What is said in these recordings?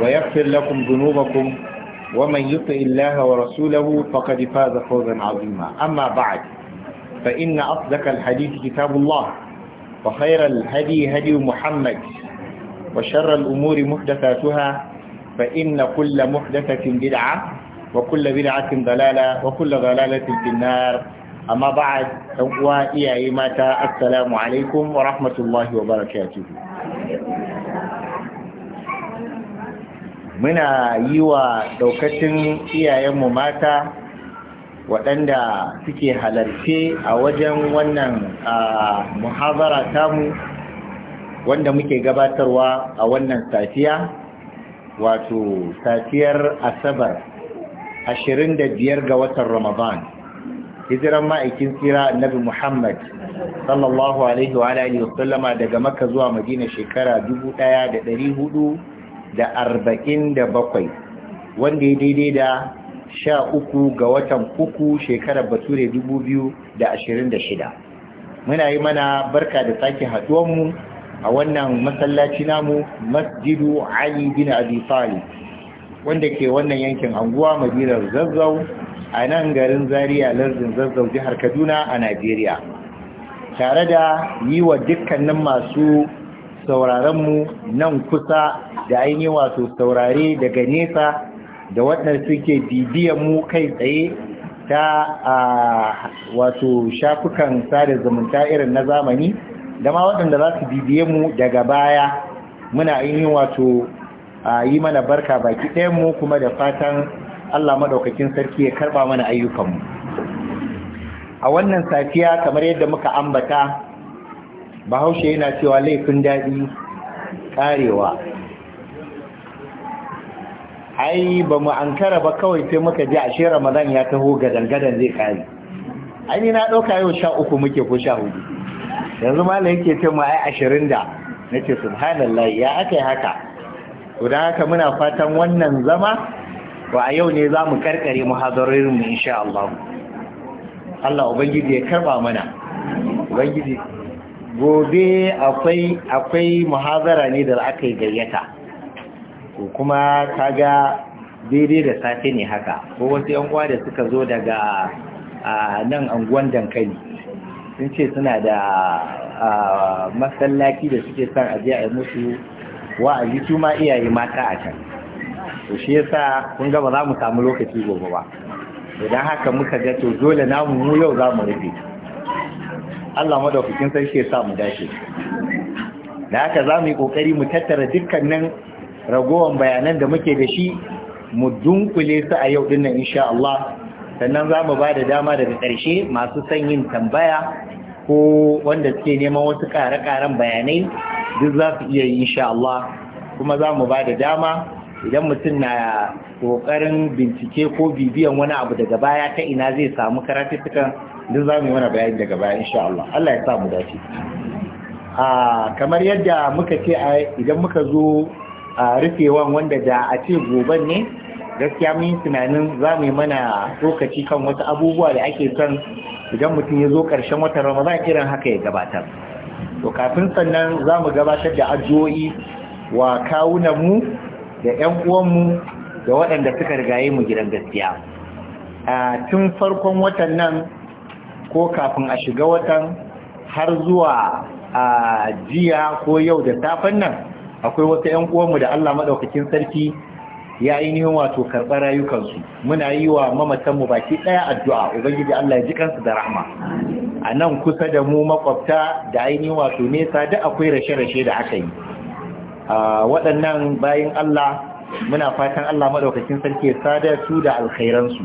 ويغفر لكم ذنوبكم ومن يطع الله ورسوله فقد فاز فوزا عظيما أما بعد فإن أصدق الحديث كتاب الله وخير الهدي هدي محمد وشر الأمور محدثاتها فإن كل محدثة بدعة وكل بدعة ضلالة وكل ضلالة في النار أما بعد وإيائي السلام عليكم ورحمة الله وبركاته muna yi wa ɗaukacin iyayenmu mata waɗanda suke halarce a wajen wannan muhabara tamu wanda muke gabatarwa a wannan safiya wato safiyar asabar ashirin da biyar ga watan ramadan hijiran ma'aikin tsira annabi muhammad sallallahu alaihi wa alihi wasallama daga maka zuwa madina shekara 1400 da arba'in da bakwai wanda ya daidai da sha uku ga watan uku shekarar bature dubu biyu da ashirin da shida muna yi mana barka da sake haduwanmu a wannan masallaci namu masjidu ali bin abi talib wanda ke wannan yankin anguwa madinar zazzau a nan garin zaria lardin zazzau jihar kaduna a najeriya tare da yi wa dukkanin masu sauraronmu nan kusa da ainihin wato saurare daga nesa da waɗanda suke bibiyan mu kai tsaye ta wato shafukan sada zumunta irin na zamani da ma waɗanda za su bibiye mu daga baya muna ainihin wato yi mana barka baki ɗayan mu kuma da fatan Allah maɗaukakin sarki ya karɓa mana ayyukanmu a wannan safiya kamar yadda muka ambata bahaushe yana cewa laifin daɗi ƙarewa ai ba mu ankara ba kawai sai muka ji ashe ramadan ya taho ga dangadan zai kare ai ni na ɗauka yau sha uku muke ko sha hudu yanzu malam yake ce mu ai ashirin da Na ce subhanallah ya aka yi haka to don haka muna fatan wannan zama ba a yau ne za mu karkare muhadarorin mu insha Allah Allah ubangiji ya karba mana ubangiji gobe akwai muhazara ne da aka yi gayyata ko kuma kaga daidai da safe ne haka ko wasu yan uwa da suka zo daga nan anguwan dankali sun ce suna da masallaci da suke son aje a yi musu a yi ma iyaye mata a can to shi yasa kun ga ba za mu samu lokaci gobe ba idan haka muka ga to dole namu mu yau za mu rufe Allah madaukakin sarki ya sa mu dace da haka za mu yi kokari mu tattara dukkanin ragowan bayanan da muke da shi mu dunkule su a yau din nan insha Allah sannan za mu ba da dama daga ƙarshe masu son yin tambaya ko wanda suke neman wasu ƙare-ƙaren bayanai duk za su iya yi insha Allah kuma za mu ba da dama idan mutum na ƙoƙarin bincike ko bibiyan wani abu daga baya ta ina zai samu karatuttukan duk za mu yi mana bayani daga baya insha Allah Allah ya sa mu dace a kamar yadda muka ce idan muka zo a rufewan wanda da a ce goban ne gaskiya mun tunanin za mu yi mana lokaci kan wasu abubuwa da ake son idan mutum ya zo karshen watan ramadan irin haka ya gabatar to kafin sannan za mu gabatar da addu'o'i wa kawunan mu da 'yan mu da waɗanda suka rigaye mu gidan gaskiya tun farkon watan nan ko kafin a shiga watan har zuwa a jiya ko yau da safen nan akwai wata 'yan uwanmu da Allah maɗaukakin sarki ya yi ainihin wato karɓar rayukansu muna yi wa mamatanmu baki ɗaya addu'a ubangiji Allah ya ji kansu da rahama a nan kusa da mu makwabta da ainihin wato nesa da akwai rashe-rashe da aka yi waɗannan bayan Allah muna fatan Allah maɗaukacin sarki ya sadar su da alkhairansu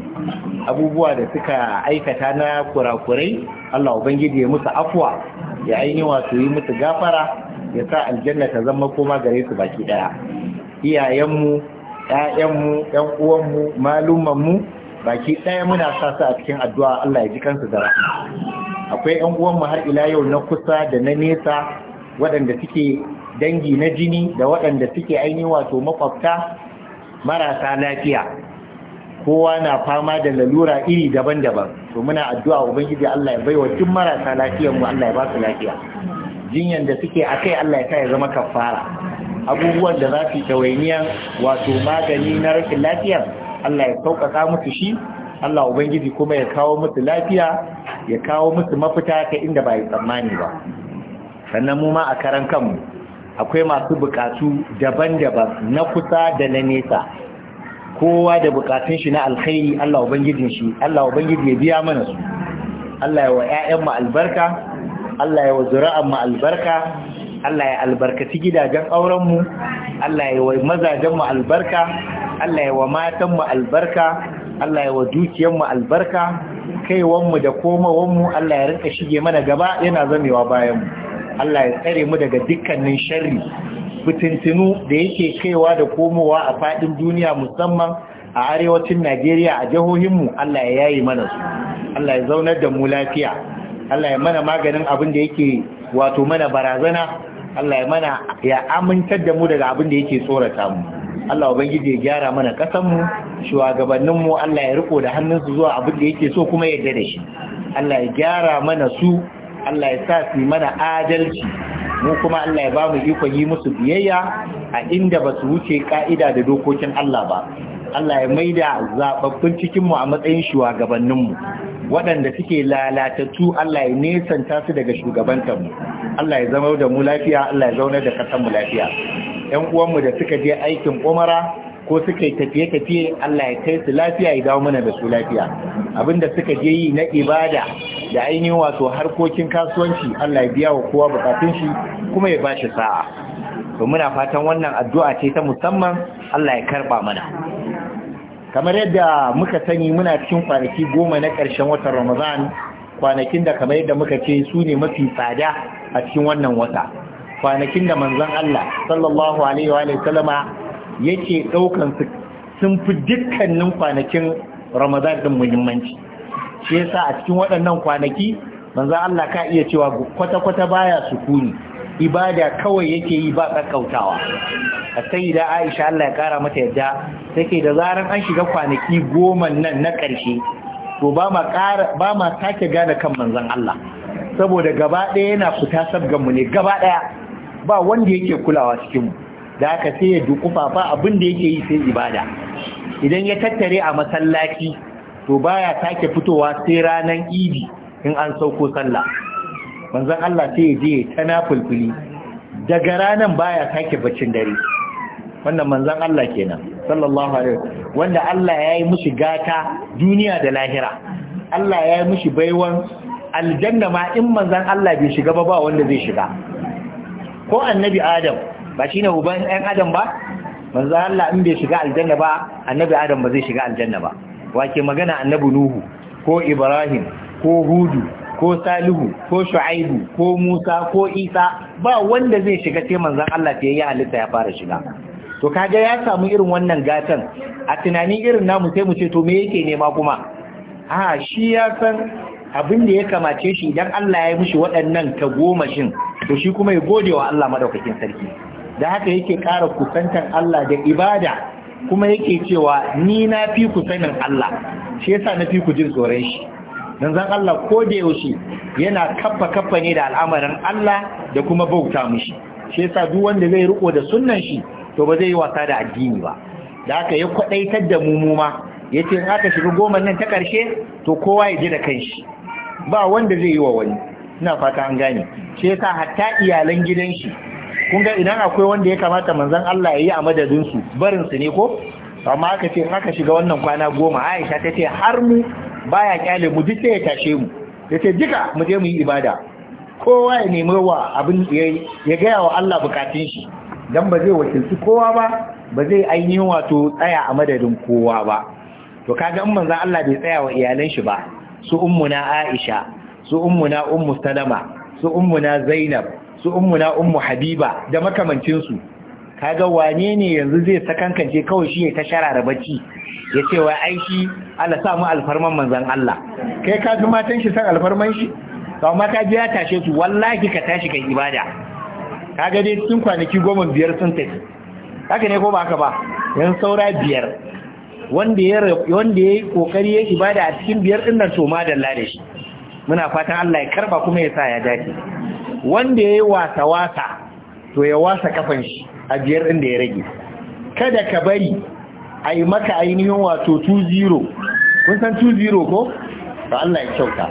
abubuwa da suka aikata na kurakurai Allah ubangiji ya musu afwa ya aini wato yi musu gafara ya sa aljanna ta zama koma gare su baki daya iyayenmu ƴaƴanmu ƴan uwanmu malumanmu baki daya muna sa su a cikin addu'a Allah ya ji kansu da rahama akwai ƴan uwanmu har ila yau na kusa da na nesa waɗanda suke dangi na jini da waɗanda suke ainihin wato makwabta marasa lafiya kowa na fama da lalura iri daban-daban to muna addu'a ubangiji Allah ya baiwa duk marasa lafiyar mu Allah ya ba su lafiya jinyan da suke akai Allah ya kai zama kafara abubuwan da za su tawainiya wato magani na rashin lafiya Allah ya sauƙaƙa musu shi Allah ubangiji kuma ya kawo musu lafiya ya kawo musu mafita ta inda ba ya tsammani ba sannan mu ma a karan kanmu akwai masu bukatu daban-daban na kusa da na nesa kowa da bukatun shi na alkhairi Allah ubangijin shi Allah ubangiji ya biya mana su Allah ya wa ƴaƴan mu albarka Allah ya wa zuri'an mu albarka Allah ya albarkaci gidajen auren mu Allah ya wa mazajen mu albarka Allah ya wa matan mu albarka Allah ya wa dukiyan mu albarka kaiwan mu da komawan mu Allah ya rinka shige mana gaba yana zamewa bayan mu Allah ya tsare mu daga dukkanin sharri fitintinu da yake kaiwa da komowa a fadin duniya musamman a arewacin Najeriya a jihohinmu Allah ya yayi mana su Allah ya zaunar da mu lafiya Allah ya mana maganin abin da yake wato mana barazana Allah ya mana ya amintar da mu daga abin da yake tsorata mu Allah ubangiji ya gyara mana kasan mu shugabannin mu Allah ya riko da hannunsu zuwa abin da yake so kuma ya yarda da shi Allah ya gyara mana su Allah ya sa su mana adalci mu kuma Allah ya ba mu ikon yi musu biyayya a inda ba su wuce ka'ida da dokokin Allah ba Allah ya da zababbun cikinmu a matsayin shugabanninmu waɗanda suke lalatattu Allah ya nesanta su daga mu. Allah ya zama da mu lafiya Allah ya zaunar da mu lafiya ƴan uwanmu da suka je aikin umara ko suka yi tafiye-tafiye Allah ya kai su lafiya ya dawo mana da su lafiya abinda suka je yi na ibada da ainihin wato harkokin kasuwanci Allah ya biya wa kowa bukatun shi kuma ya bashi sa'a to muna fatan wannan addu'a ce ta musamman Allah ya karba mana kamar yadda muka sani muna cikin kwanaki goma na ƙarshen watan Ramadan kwanakin da kamar yadda muka ce su ne mafi tsada a cikin wannan wata kwanakin da manzon Allah sallallahu alaihi wa sallama yake ɗaukan su sun fi dukkanin kwanakin ramadan din muhimmanci shi yasa a cikin waɗannan kwanaki manzo Allah ka iya cewa kwata-kwata baya su kuni, ibada kawai yake yi ba kakkautawa a Aisha Allah ya kara mata yadda take da zaran an shiga kwanaki goma nan na ƙarshe to ba ma sake ba gane kan manzon Allah saboda gaba ɗaya yana fita sabgan mu ne gaba ɗaya ba wanda yake kulawa cikin mu da aka sai ya dukufa ba abin da yake yi sai ibada idan ya tattare a masallaci to baya sake fitowa sai ranan idi in an sauko sallah manzon Allah sai ya je tana nafulfuli daga ranan baya sake baccin dare wannan manzon Allah kenan sallallahu alaihi wanda Allah ya yi mushi gata duniya da lahira Allah ya yi mushi baiwan aljanna ma in manzon Allah bai shiga ba ba wanda zai shiga ko annabi Adam ba shine uban ɗan adam ba manzo Allah in bai shiga aljanna ba annabi adam ba zai shiga aljanna ba wake magana annabi nuhu ko ibrahim ko hudu ko salihu ko shu'aibu ko musa ko isa ba wanda zai shiga sai manzo Allah ta yi halitta ya fara shiga to kaga ya samu irin wannan gatan a tunanin irin namu sai mu ce to me yake nema kuma a shi ya san abin da ya kamace shi idan Allah ya yi mishi waɗannan tagomashin to shi kuma ya gode wa Allah madaukakin sarki da haka yake ƙara kusantar Allah da ibada kuma yake cewa ni na fi ku sanin Allah shi yasa na fi ku jin tsoron shi dan zan Allah ko da yaushe yana kaffa kaffa ne da al'amarin Allah da kuma bauta mishi shi yasa duk wanda zai riko da sunnan shi to ba zai yi wasa da addini ba da haka ya kwadaitar da mu mu ma yace in aka shiga goma nan ta karshe to kowa ya ji da kanshi ba wanda zai yi wa wani ina fata an gane shi yasa hatta iyalan gidan shi kun ga idan akwai wanda ya kamata manzan Allah ya yi a madadinsu barinsu ne ko amma aka ce in aka shiga wannan kwana goma Aisha ta ce har mu baya kyale mu duk sai ya tashe mu ya ce duka mu je mu yi ibada kowa ya nemi wa abin ya gaya wa Allah bukatun shi dan ba zai wakilci kowa ba ba zai ainihin wato tsaya a madadin kowa ba to kaga in manzon Allah bai tsaya wa iyalan shi ba su ummuna Aisha su ummuna ummu Salama su ummuna Zainab su ummuna ummu habiba da makamancinsu kaga wane ne yanzu zai sakankance kawai shi ne ta sharara bacci ya ce wa aiki ala samu alfarman manzan Allah kai ka ji matan shi san alfarman shi ba ma ka ji ya tashe su wallahi ka tashi kai ibada kaga dai cikin kwanaki goma biyar sun tafi haka ne ko ba haka ba yan saura biyar wanda ya wanda ya kokari ya ibada a cikin biyar din nan to madalla da shi muna fatan Allah ya karba kuma ya sa ya dace wanda ya yi wasa-wasa to ya wasa kafan shi a biyar ɗin da ya rage kada ka bari a yi maka ainihin wato 2-0 kun san 2-0 ko? Ba Allah ya kyauta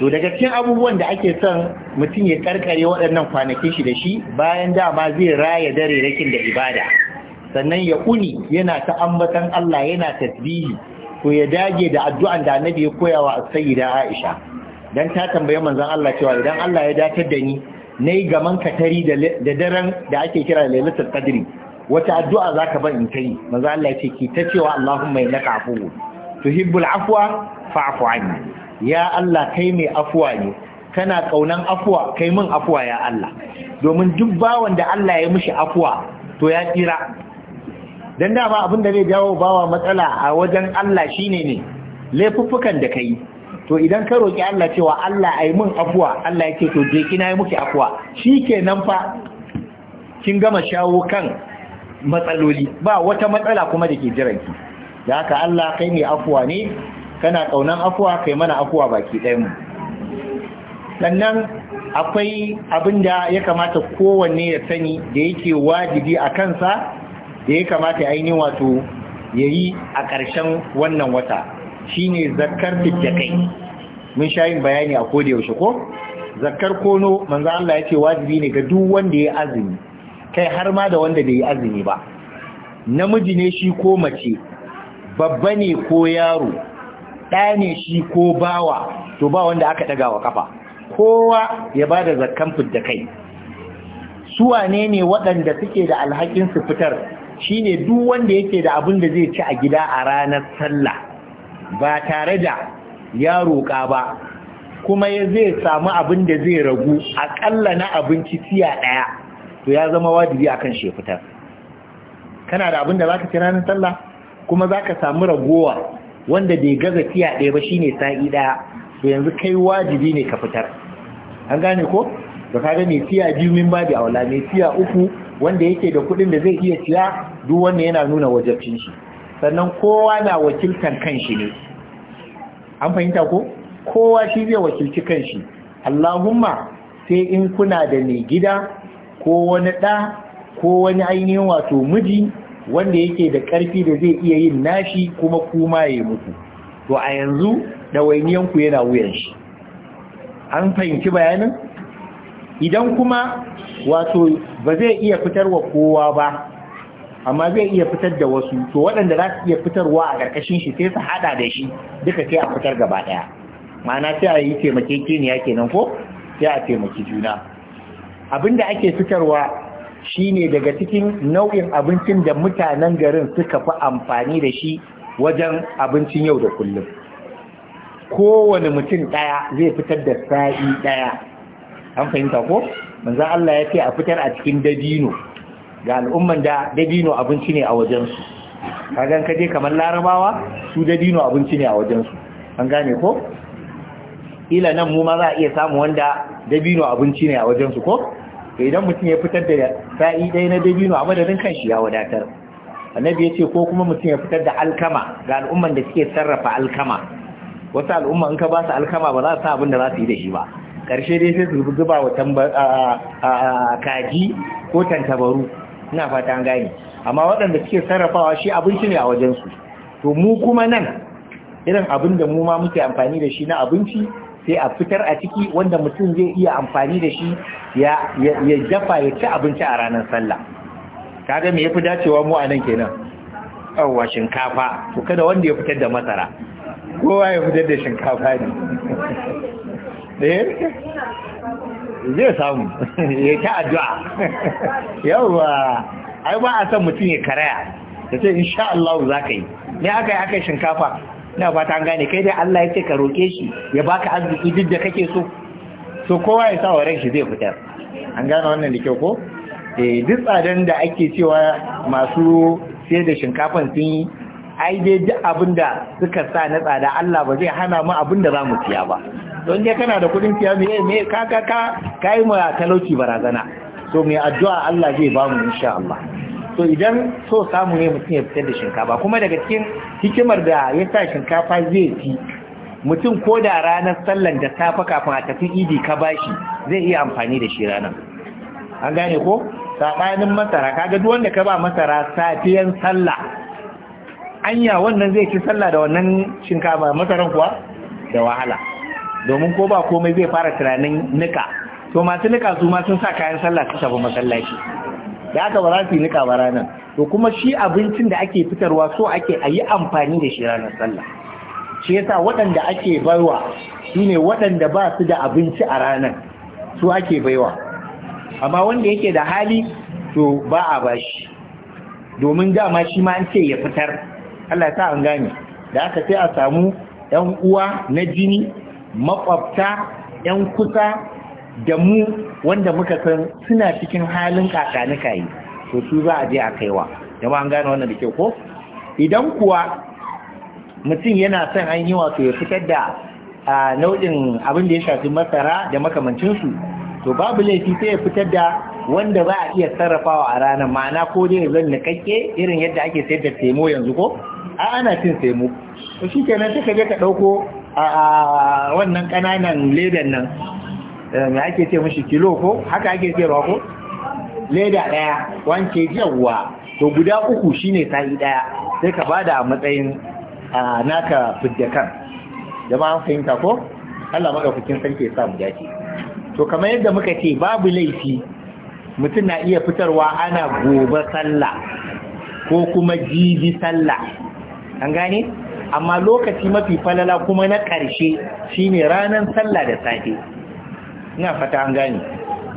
to daga cikin abubuwan da ake son mutum ya karkare waɗannan kwanakin shi da shi bayan dama zai raya dare rakin da ibada sannan ya uni yana ta ambatan Allah yana tasbihi to ya dage da addu'an da annabi ya koyawa a sayyida Aisha dan ta tambaye manzan Allah cewa idan Allah ya datar da ni nayi gaman katari da daren da ake kira lailatul qadri wata addu'a zaka ban in kai manzon Allah ya ce ki ta cewa Allahumma inna afuwu tuhibbul afwa fa'fu anni ya Allah kai mai afuwa ne kana kaunan afuwa kai min afuwa ya Allah domin duk bawan da Allah ya mishi afuwa to ya tsira dan dama abin da zai jawo bawa matsala a wajen Allah shine ne laifuffukan da kai to idan ka roƙi Allah cewa Allah ai mun afuwa Allah yake to je kina yi muke afuwa nan fa kin gama shawo kan matsaloli ba wata matsala kuma da ke jiranki da haka Allah kai ne afuwa ne kana kaunan afuwa kai mana afuwa baki ɗayan mu sannan akwai abin da ya kamata kowanne ya sani da yake wajibi a kansa da ya kamata ainihin wato ya yi a ƙarshen wannan wata shine zakkar fitjakai mun sha yin bayani a koda yaushe ko zakkar kono manzo Allah ya ce wajibi ne ga duk wanda ya azumi kai har ma da wanda bai yi azumi ba namiji ne shi ko mace babba ne ko yaro ɗane shi ko bawa to ba wanda aka ɗaga wa kafa kowa ya ba zakkan fidda kai su wane ne waɗanda suke da alhakin su fitar shine duk wanda yake da abin da zai ci a gida a ranar sallah ba tare da ya roƙa ba kuma ya zai samu abin da zai ragu aƙalla na abinci tiya ɗaya to ya zama wajibi akan kan fitar kana da abin da za ka ci ranar sallah kuma za ka samu ragowa wanda bai gaza tiya ɗaya ba shine sa'i ɗaya to yanzu kai wajibi ne ka fitar an gane ko da ka mai tiya biyu min babi wala, mai tiya uku wanda yake da kuɗin da zai iya siya duk wanda yana nuna wajabcin shi sannan kowa na wakiltan kanshi ne an fahimta ko kowa shi zai wakilci kanshi Allahumma sai in kuna da mai gida ko wani ɗa ko wani ainihin wato miji wanda yake da ƙarfi da zai iya yin nashi kuma kuma ya yi muku to a yanzu ku yana wuyan shi an fahimci bayanin idan kuma wato ba zai iya fitarwa kowa ba amma zai iya fitar da wasu to waɗanda za su iya fitarwa a ƙarƙashin shi sai su haɗa da shi duka sai a fitar gaba ɗaya ma'ana sai a yi taimakekeniya kenan ko sai a taimaki juna abin da ake fitarwa shine daga cikin nau'in abincin da mutanen garin suka fi amfani da shi wajen abincin yau da kullum kowane mutum ɗaya zai fitar da sa'i ɗaya an fahimta ko manzan Allah ya ce a fitar a cikin dabino ga al'umman da dabino abinci ne a wajensu kagan kaje kamar larabawa su dabino abinci ne a wajensu an gane ko ila nan mu ma za a iya samu wanda dabino abinci ne a wajensu ko to idan mutum ya fitar da sa'i ɗaya na dabino a madadin kanshi ya wadatar annabi ya ce ko kuma mutum ya fitar da alkama ga al'umman da suke sarrafa alkama wasu al'umma in ka ba su alkama ba za su sa abin da za su yi da shi ba Karshe dai sai su zuba wa kaji ko tantabaru ina fata an gane amma waɗanda suke sarrafawa shi abinci ne a wajensu to mu kuma nan irin abin da mu ma muke amfani da shi na abinci sai a fitar a ciki wanda mutum zai iya amfani da shi ya dafa ya ci abinci a ranar sallah kaga me yafi dacewa mu a nan kenan yawwa shinkafa to kada wanda ya fitar da masara kowa ya fitar da shinkafa ne eh? zai samu ya ta addu'a yawwa ai ba a san mutum ya karaya da ce insha Allah za ka yi ne aka yi aka yi shinkafa na ba ta gane kai dai Allah ya ce ka roƙe shi ya baka arziki duk da kake so so kowa ya sa wa ran shi zai fita an gane wannan da kyau ko eh duk tsadan da ake cewa masu sai da shinkafan sun yi ai dai duk abinda suka sa na tsada Allah ba zai hana mu abinda da za mu siya ba don dai kana da kudin siya me me ka ka ka kai mu talauci barazana so mai addu'a Allah zai ba mu insha Allah so idan so samu ne mutum ya fitar da shinkafa kuma daga cikin hikimar da ya sa shinkafa zai fi mutum ko da ranar sallan da safe kafin a tafi idi ka bashi zai iya amfani da shi ranar an gane ko saɓanin masara kaga duk wanda ka ba masara safiyan sallah anya wannan zai ci sallah da wannan shinkafa masaran kuwa da wahala domin ko ba komai zai fara tunanin nika to masu nika su ma sun sa kayan sallah su tafi masallaci da aka ba za su yi nika ba ranar to kuma shi abincin da ake fitarwa so ake a yi amfani da shi ranar sallah shi yasa waɗanda ake baiwa shine waɗanda ba su da abinci a ranar su ake baiwa amma wanda yake da hali to ba a bashi domin dama shi ma an ce ya fitar Allah ya sa an gane da aka sai a samu ɗan uwa na jini makwabta yan kusa da mu wanda muka san suna cikin halin kakanika yi to su za a je a kaiwa ma an gane wannan da ke ko idan kuwa mutum yana son an yi wato ya fitar da nau'in abin da ya shafi masara da makamancinsu to babu laifi sai ya fitar da wanda za a iya sarrafawa a ranar ma'ana ko dai zan nikakke irin yadda ake sayar da semo yanzu ko a ana cin semo to shi kenan sai ka je ka ɗauko a wannan ƙananan ledan nan eh, me ake ce mashi kilo ko haka ake ruwa ko leda ɗaya wanke yawwa to guda uku shine sa'i ɗaya sai ka bada a matsayin naka fiddakan jama'an fahimta ko Allah kin sarki ya sa mu dace to kamar yadda muka ce babu laifi mutum na iya fitarwa ana gobe sallah ko kuma jibi sallah an gane amma lokaci mafi falala kuma na ƙarshe shine ranar sallah da safe ina fata an gane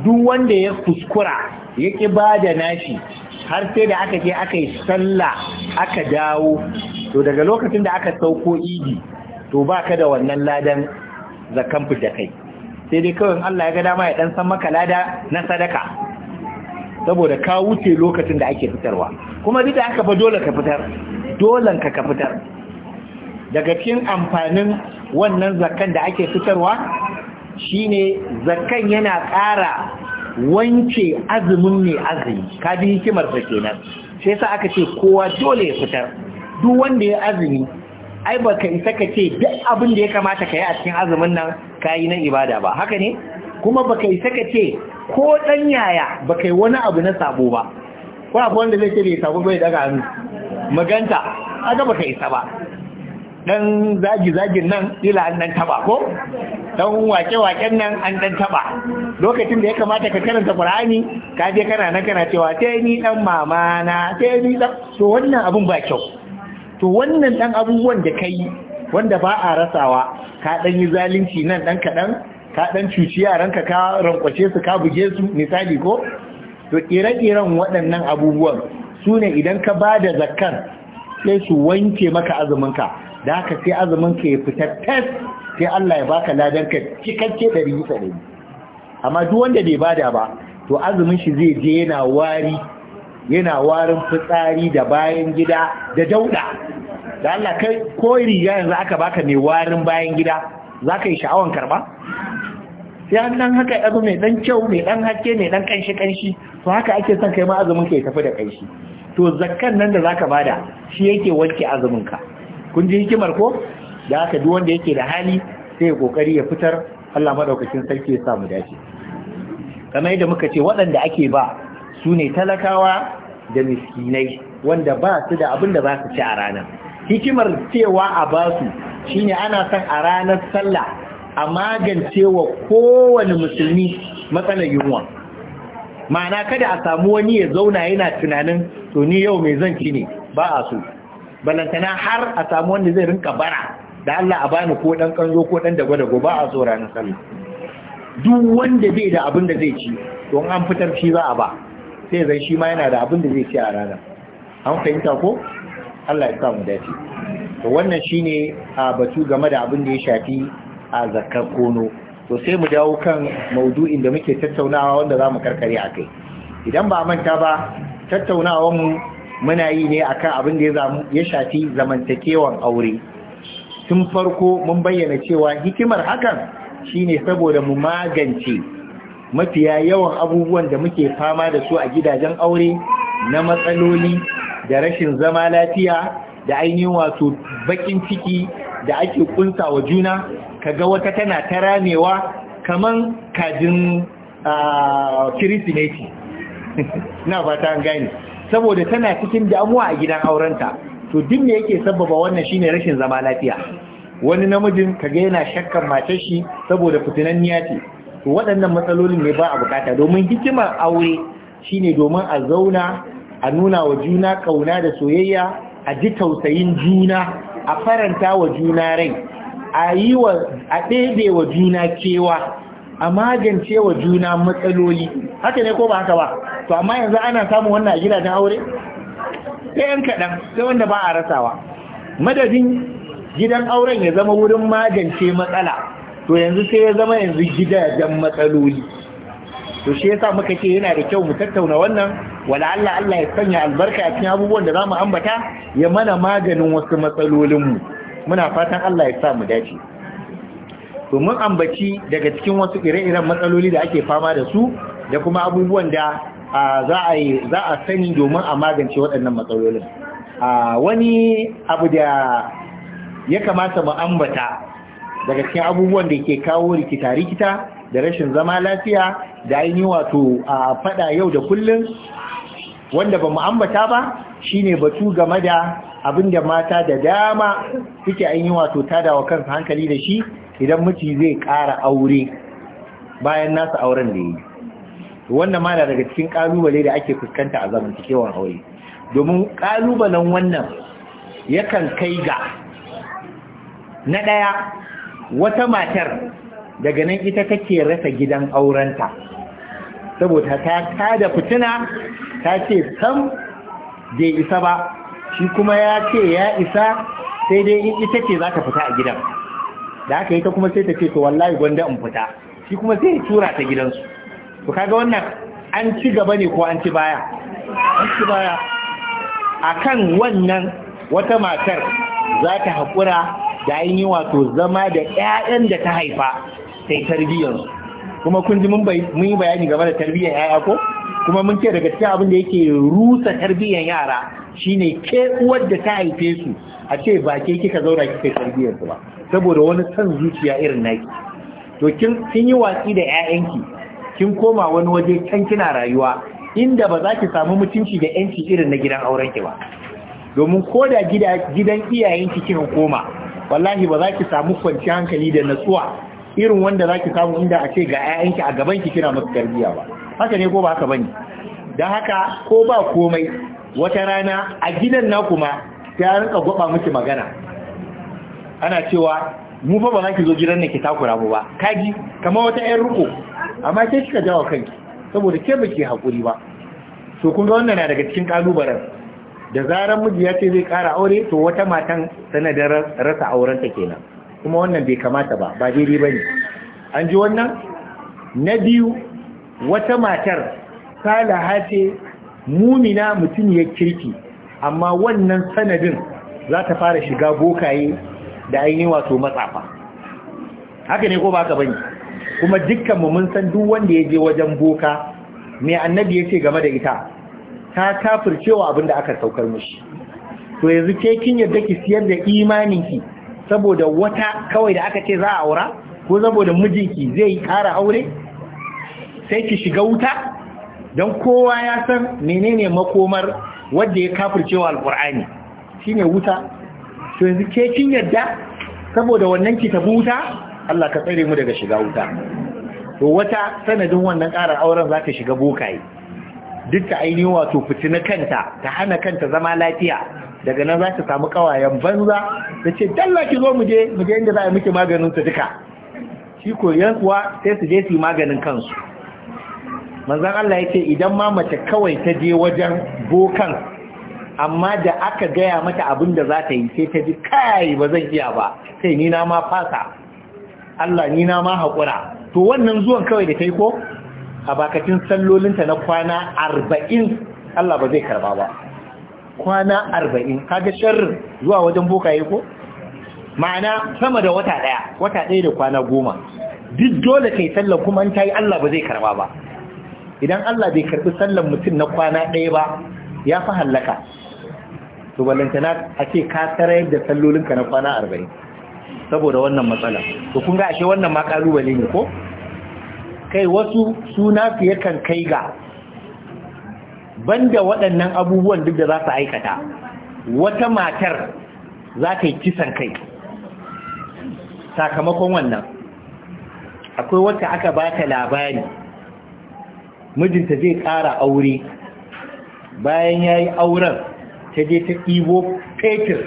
duk wanda ya kuskura ya ƙi ba da nashi har sai da aka ke aka yi sallah aka dawo to daga lokacin da aka sauko idi to ba ka da wannan ladan zakan da kai sai dai kawai Allah ya ga dama ya dan san maka lada na sadaka saboda ka wuce lokacin da ake fitarwa kuma duk da aka fa dole ka fitar dolan ka ka fitar daga cikin amfanin wannan zakan da ake fitarwa shine zakan yana ƙara wanke azumin ne azumi ka bi hikimar sa kenan sai sa aka ce kowa dole ya fitar duk wanda ya azumi ai baka isa ka ce duk abin da ya kamata ka yi a cikin azumin nan ka yi na ibada ba haka ne kuma baka isa ka ce ko dan yaya baka yi wani abu na sabo ba ko wanda zai ce bai sabo bai daga hannu maganta aga ba ka isa ba dan zagi-zagin nan ila an dan taba ko dan wake-waken nan an dan taba lokacin da ya kamata ka karanta Qur'ani ka je kana nan kana cewa sai ni dan mama na sai ni dan to wannan abun ba kyau to wannan dan abubuwan da kai wanda ba a rasawa ka dan yi zalunci nan dan kadan ka dan cuci yaranka ka rankwace su ka buge su misali ko to ire-iren waɗannan abubuwan su ne idan ka ba da zakkan sai su wanke maka azuminka da haka sai azumin ka ya fita tas sai Allah ya baka ladan ka cikakke ɗari amma duk wanda bai bada ba to azumin shi zai je yana wari yana warin fitsari da bayan gida da dauda da Allah kai ko riga yanzu aka baka mai warin bayan gida zaka yi sha'awan karba sai an dan haka abu mai dan kyau mai dan hakke mai dan kanshi kanshi to haka ake son kai ma azumin ka ya tafi da kanshi to zakkan nan da zaka bada shi yake wanke azumin ka kun ji hikimar ko da haka duk wanda yake da hali sai ya kokari ya fitar Allah madaukakin sarki ya samu dace kamar yadda muka ce waɗanda ake ba su ne talakawa da miskinai wanda ba su da abin da ba su ci a ranar hikimar cewa a ba su shine ana san a ranar sallah a magance wa kowane musulmi matsalar yunwa ma'ana kada a samu wani ya zauna yana tunanin to ni yau mai zan ci ne ba a so balantana har a samu wanda zai rinka bara da Allah a bani ko dan kanzo ko dan dago dago ba a ranar sallah duk wanda zai da abin da zai ci to an fitar shi za a ba sai zai shi ma yana da abin da zai ci a ranar an fahimta ko Allah ya sa mu dace to wannan shine a batu game da abin da ya shafi a zakar kono to sai mu dawo kan maudu'in da muke tattaunawa wanda za mu karkare a kai idan ba manta ba tattaunawar mu muna yi ne akan abin da ya shafi zamantakewan aure tun farko mun bayyana cewa hikimar hakan shine saboda mu magance mafiya yawan abubuwan da muke fama da su a gidajen aure na matsaloli da rashin zama lafiya da ainihin wato bakin ciki da ake kunsa wa juna kaga wata tana ta ramewa kamar kajin ah, kirisimeti na fata an gane saboda tana cikin damuwa a gidan aurenta to duk me yake sabbaba wannan shine rashin zama lafiya wani namijin kaga yana shakkan matar shi saboda fitinanniya ce to waɗannan matsalolin ne ba a bukata domin hikimar aure shine domin a zauna a nuna wa juna kauna da soyayya a ji tausayin juna a faranta wa juna rai a yi wa a ɗebe wa juna kewa a magance wa juna matsaloli haka ne ko ba haka ba to amma yanzu ana samun wannan a gidajen aure sai yan kaɗan sai wanda ba a rasawa madadin gidan auren ya zama wurin magance matsala to yanzu sai ya zama yanzu gidajen matsaloli to shi yasa muka ce yana da kyau mu tattauna wannan wala Allah Allah ya sanya albarka a cikin abubuwan da zamu ambata ya mana maganin wasu matsalolin muna fatan Allah ya sa mu dace to mun ambaci daga cikin wasu ire-iren matsaloli da ake fama da su da kuma abubuwan da za a sani domin a magance waɗannan matsalolin wani abu da ya kamata mu ambata daga cikin abubuwan da ke kawo rikita-rikita da rashin zama lafiya da ainihin wato a fada yau da kullum wanda ba mu ambata ba shine batu game da abin da mata da dama suke yi wato tada wa kansu hankali da shi idan miji zai ƙara aure bayan nasu auren da yi wannan ma daga cikin kalubale da ake fuskanta a zamantakewar aure domin kalubalen wannan yakan kai ga na ɗaya wata matar daga nan ita take rasa gidan aurenta saboda ta kada fitina ta ce sam bai isa ba shi kuma ya ce ya isa sai dai in ita ce za ta fita a gidan da aka yi ta kuma sai ta ce to wallahi gwanda in fita shi kuma sai ya tura ta gidansu to kaga wannan an ci gaba ne ko an ci baya an ci baya akan wannan wata matar za ta haƙura da yi wato zama da 'ya'yan da ta haifa sai tarbiyyarsu kuma kun ji mun yi bayani game da tarbiyyar 'ya'ya ko kuma mun ce daga cikin abin da yake rusa tarbiyyar yara shine ke uwar da ta haife su a ce ba ke kika zauna kika tarbiyyar su ba saboda wani san zuciya irin naki to kin yi watsi da 'ya'yanki kin koma wani waje can kina rayuwa inda ba za ki samu mutunci da yanci irin na gidan auren ki ba domin ko da gidan iyayen ki kin koma wallahi ba za ki samu kwanci hankali da natsuwa irin wanda za ki samu inda a ce ga 'ya'yanki a gaban ki kina masu tarbiyya ba haka ne ko ba haka bane dan haka ko ba komai wata rana a gidan na kuma ta rinka gwaba miki magana ana cewa mu fa ba za ki zo gidan ne ki takura mu ba kaji kamar wata ƴan ruko amma sai kika jawo kanki saboda ke baki hakuri ba to kun ga wannan na daga cikin kalubaren da zaran miji ya ce zai kara aure to wata matan sanadin rasa aurenta kenan kuma wannan bai kamata ba ba daidai bane an ji wannan na biyu wata matar salaha ce mumina mutum ya kirki amma wannan sanadin za ta fara shiga bokaye da ainihi wato matsafa haka ne ko ba ka bane kuma dukkan mu mun san duk wanda ya je wajen boka me annabi ya ce game da ita ta kafircewa abin da aka saukar mishi to yanzu ke kin yadda ki siyar da imanin ki saboda wata kawai da aka ce za a aura ko saboda mijinki zai yi ƙara aure sai ki shiga wuta don kowa ya san menene makomar wanda ya kafircewa alkur'ani shine wuta to yanzu ke kin yadda saboda wannan ki ta buta Allah ka tsare mu daga shiga wuta to wata sanadin wannan ƙarar auren za shiga bokai, duk ta ainihin wato fitina kanta ta hana kanta zama lafiya daga nan za ta samu kawayen banza da ce dalla ki zo mu je mu je inda za a miki maganin su duka shi ko yan kuwa sai su je su maganin kansu manzon Allah ya ce idan ma mace kawai ta je wajen bokan amma da aka gaya mata abin da za ta yi sai ta ji kai ba zan iya ba sai ni na ma fasa Allah ni na ma haƙura to wannan zuwan kawai da ta yi ko a bakacin sallolinta na kwana arba'in Allah ba zai karba ba kwana arba'in kaga sharrin zuwa wajen yi ko ma'ana sama da wata ɗaya wata ɗaya da kwana goma duk dole kai sallar kuma an ta yi Allah ba zai karba ba idan Allah bai karbi sallar mutum na kwana ɗaya ba ya fi hallaka to balantana a ce ka sarayar da sallolinka na kwana arba'in saboda wannan matsala to kun ga ashe wannan ma kalubale ne ko kai wasu suna su yakan kai ga banda waɗannan abubuwan duk da za su aikata wata matar za ta yi kisan kai sakamakon wannan akwai wata aka ba ta labari mijinta zai ƙara aure bayan ya yi auren ta je ta ɗiwo fetur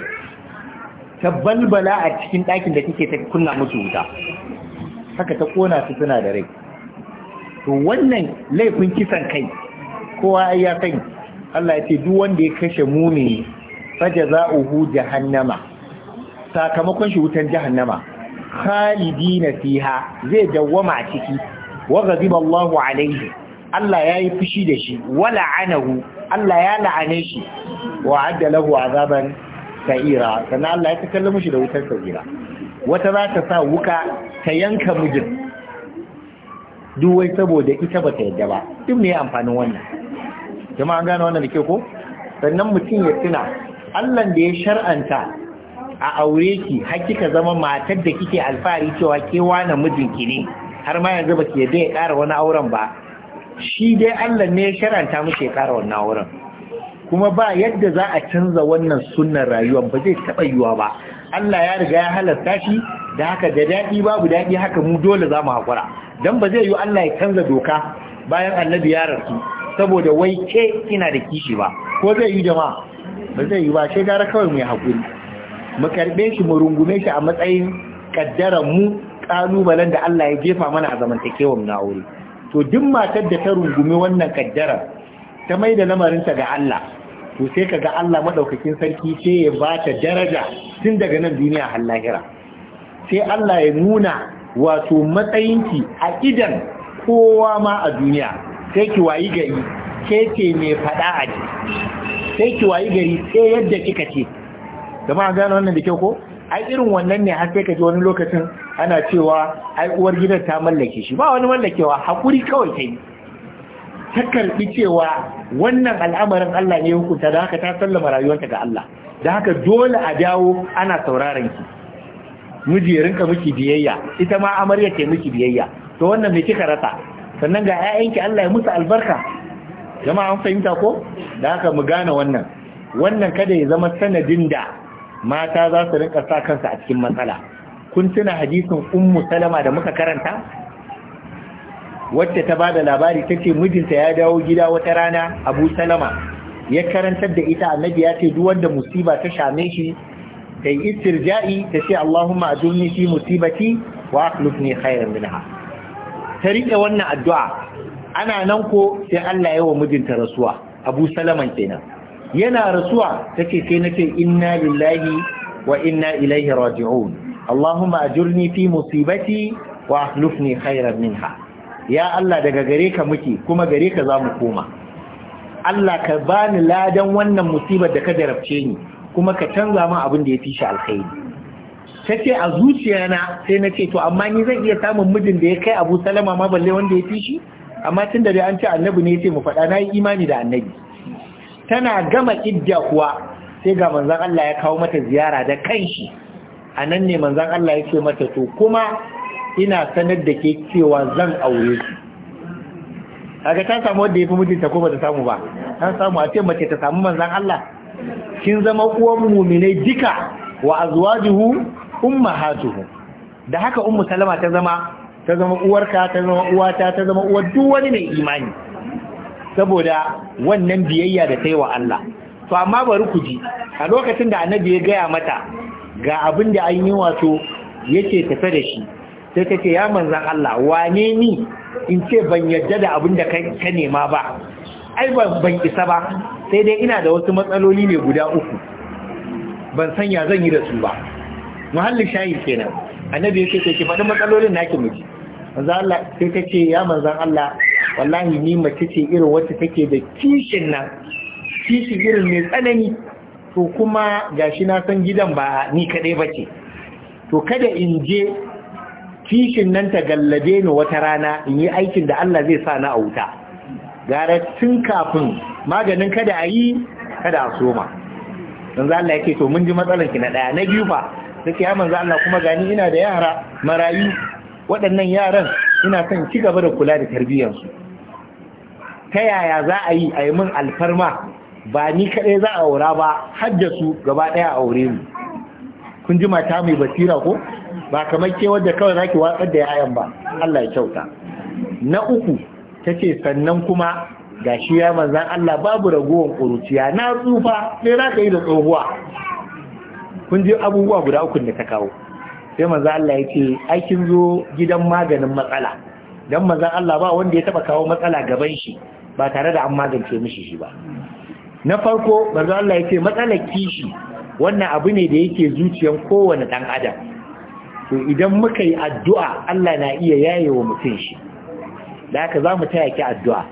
ta balbala a cikin ɗakin da take ta kunna musu wuta haka ta kona su suna da rai to wannan laifin kisan kai kowa ai ya kai Allah ya ce duk wanda ya kashe mumini fajaza'uhu jahannama sakamakon shi wutan jahannama khalidina fiha zai dawwama a ciki wa ghadiba Allahu alaihi Allah yayi fushi da shi wala anahu Allah ya la'ane shi wa adda lahu azaban sa'ira sannan Allah ya takalla mushi da wutar sa'ira wata za ta sa wuka ta yanka mijin duk wai saboda ita ba ta yadda ba duk me amfanin wannan jama'a gane wannan da ko sannan mutum ya tuna Allah da ya shar'anta a aure ki har zama matar da kike alfahari cewa ke wani mijinki ne har ma yanzu ba ki yadda ya ƙara wani auren ba shi dai Allah ne ya sharanta muke ƙara wannan wurin kuma ba yadda za a canza wannan sunnan rayuwar ba zai taɓa yiwa ba Allah ya riga ya halarta shi da haka da dadi babu dadi haka mu dole za mu haƙura don ba zai yi Allah ya canza doka bayan annabi ya rasu saboda wai ke ina da kishi ba ko zai yi jama'a ba zai yi ba sai gara kawai mu yi hakuri. mu karbe shi mu rungume shi a matsayin ƙaddarar mu ƙalubalen da Allah ya jefa mana a zamantakewar na wuri to duk matar da ta rungumi wannan kaddara ta mai da lamarinta ga Allah to sai ka ga Allah madaukakin sarki sai ya ba ta daraja tun daga nan duniya har lahira sai Allah ya nuna wato matsayinki a idan kowa ma a duniya sai ki wayi gari ke ce mai faɗa a ji sai ki wayi gari sai yadda kika ce gama gano wannan da kyau ko ai irin wannan ne har sai ka ji wani lokacin ana cewa ai uwar gidan ta mallake shi ba wani mallakewa hakuri kawai ta yi ta karbi cewa wannan al'amarin Allah ne hukunta da haka ta sallama rayuwarta ga Allah da haka dole a dawo ana sauraron ki miji rinka miki biyayya ita ma amaryar ta miki biyayya to wannan me kika rasa sannan ga ƴaƴanki Allah ya musu albarka jama'a an fahimta ko da haka mu gane wannan wannan kada ya zama sanadin da mata za su rinka sa kansu a cikin matsala kun tuna hadisin ummu salama da muka karanta wacce ta bada labari tace mijinta ya dawo gida wata rana abu salama ya karantar da ita annabi ya ce duk wanda musiba ta same shi tai istirja'i ta ce Allahumma ajurni fi musibati wa akhlifni khayran minha ta rike wannan addu'a ana nan ko sai Allah ya wa mijinta rasuwa abu salaman kenan yana rasuwa take sai nake inna lillahi wa inna ilaihi raji'un Allahumma ajurni fi musibati wa ahlifni khairan minha ya Allah daga gare ka muke kuma gare ka zamu koma Allah ka bani ladan wannan musibar da ka darabce ni kuma ka canza min abin da ya fi shi alkhairi tace a zuciyana sai na ce to amma ni zan iya samun mijin da ya kai Abu Salama ma balle wanda ya fi shi amma tunda dai an ce annabi ne yace mu faɗa nayi imani da annabi tana gama idda kuwa sai ga manzan Allah ya kawo mata ziyara da kanshi a nan ne manzan Allah ya ce mata to kuma ina sanar da ke cewa zan aure su. kaga ta samu wanda ya fi mijinta ko ba ta samu ba ta samu a ce mace ta samu manzan Allah kin zama uwan muminai duka wa azwajuhu ummahatuhum da haka ummu salama ta zama ta zama uwarka ta zama uwata ta zama uwar duk wani mai imani saboda wannan biyayya da ta yi wa Allah to amma bari ku ji a lokacin da annabi ya gaya mata ga abin da an yi wato yake tafe da shi sai ta ce ya manzan Allah wane ni in ce ban yadda da abin da ka nema ba ai ban isa ba sai dai ina da wasu matsaloli ne guda uku ban sanya zan yi da su ba muhallin shayi kenan annabi ya ce ke faɗi matsalolin naki muji, manzan Allah sai ta ce ya manzan Allah wallahi ni mace ce irin wacce take da kishin nan kishi irin mai tsanani to kuma gashi na san gidan ba ni kadai ba ce to kada in je kishin nan ta gallabe ni wata rana in yi aikin da Allah zai sa na a wuta gara tun kafin maganin kada a yi kada a soma don za Allah yake to mun ji matsalar ki na ɗaya na biyu fa da ke ya Allah kuma gani ina da yara marayu waɗannan yaran ina son ci gaba da kula da tarbiyyarsu ta yaya za a yi a yi min alfarma ba ni kaɗai za a aura ba har su gaba ɗaya a aure mu kun ji mata mai basira ko ba kamar ke wadda kawai zaki watsar da yayan ba Allah ya kyauta na uku ta ce sannan kuma ga shi ya manzan Allah babu ragowar ƙuruciya na tsufa sai za ka yi da tsohuwa kun ji abubuwa guda ukun da ta kawo sai manzo Allah ya ce zo gidan maganin matsala dan manzo Allah ba wanda ya taba kawo matsala gaban shi ba tare da an magance mishi shi ba na farko manzo Allah ya matsalar kishi wannan abu ne da yake zuciyar kowane dan adam to idan muka yi addu'a Allah na iya yaye wa mutum shi da haka za mu taya ki addu'a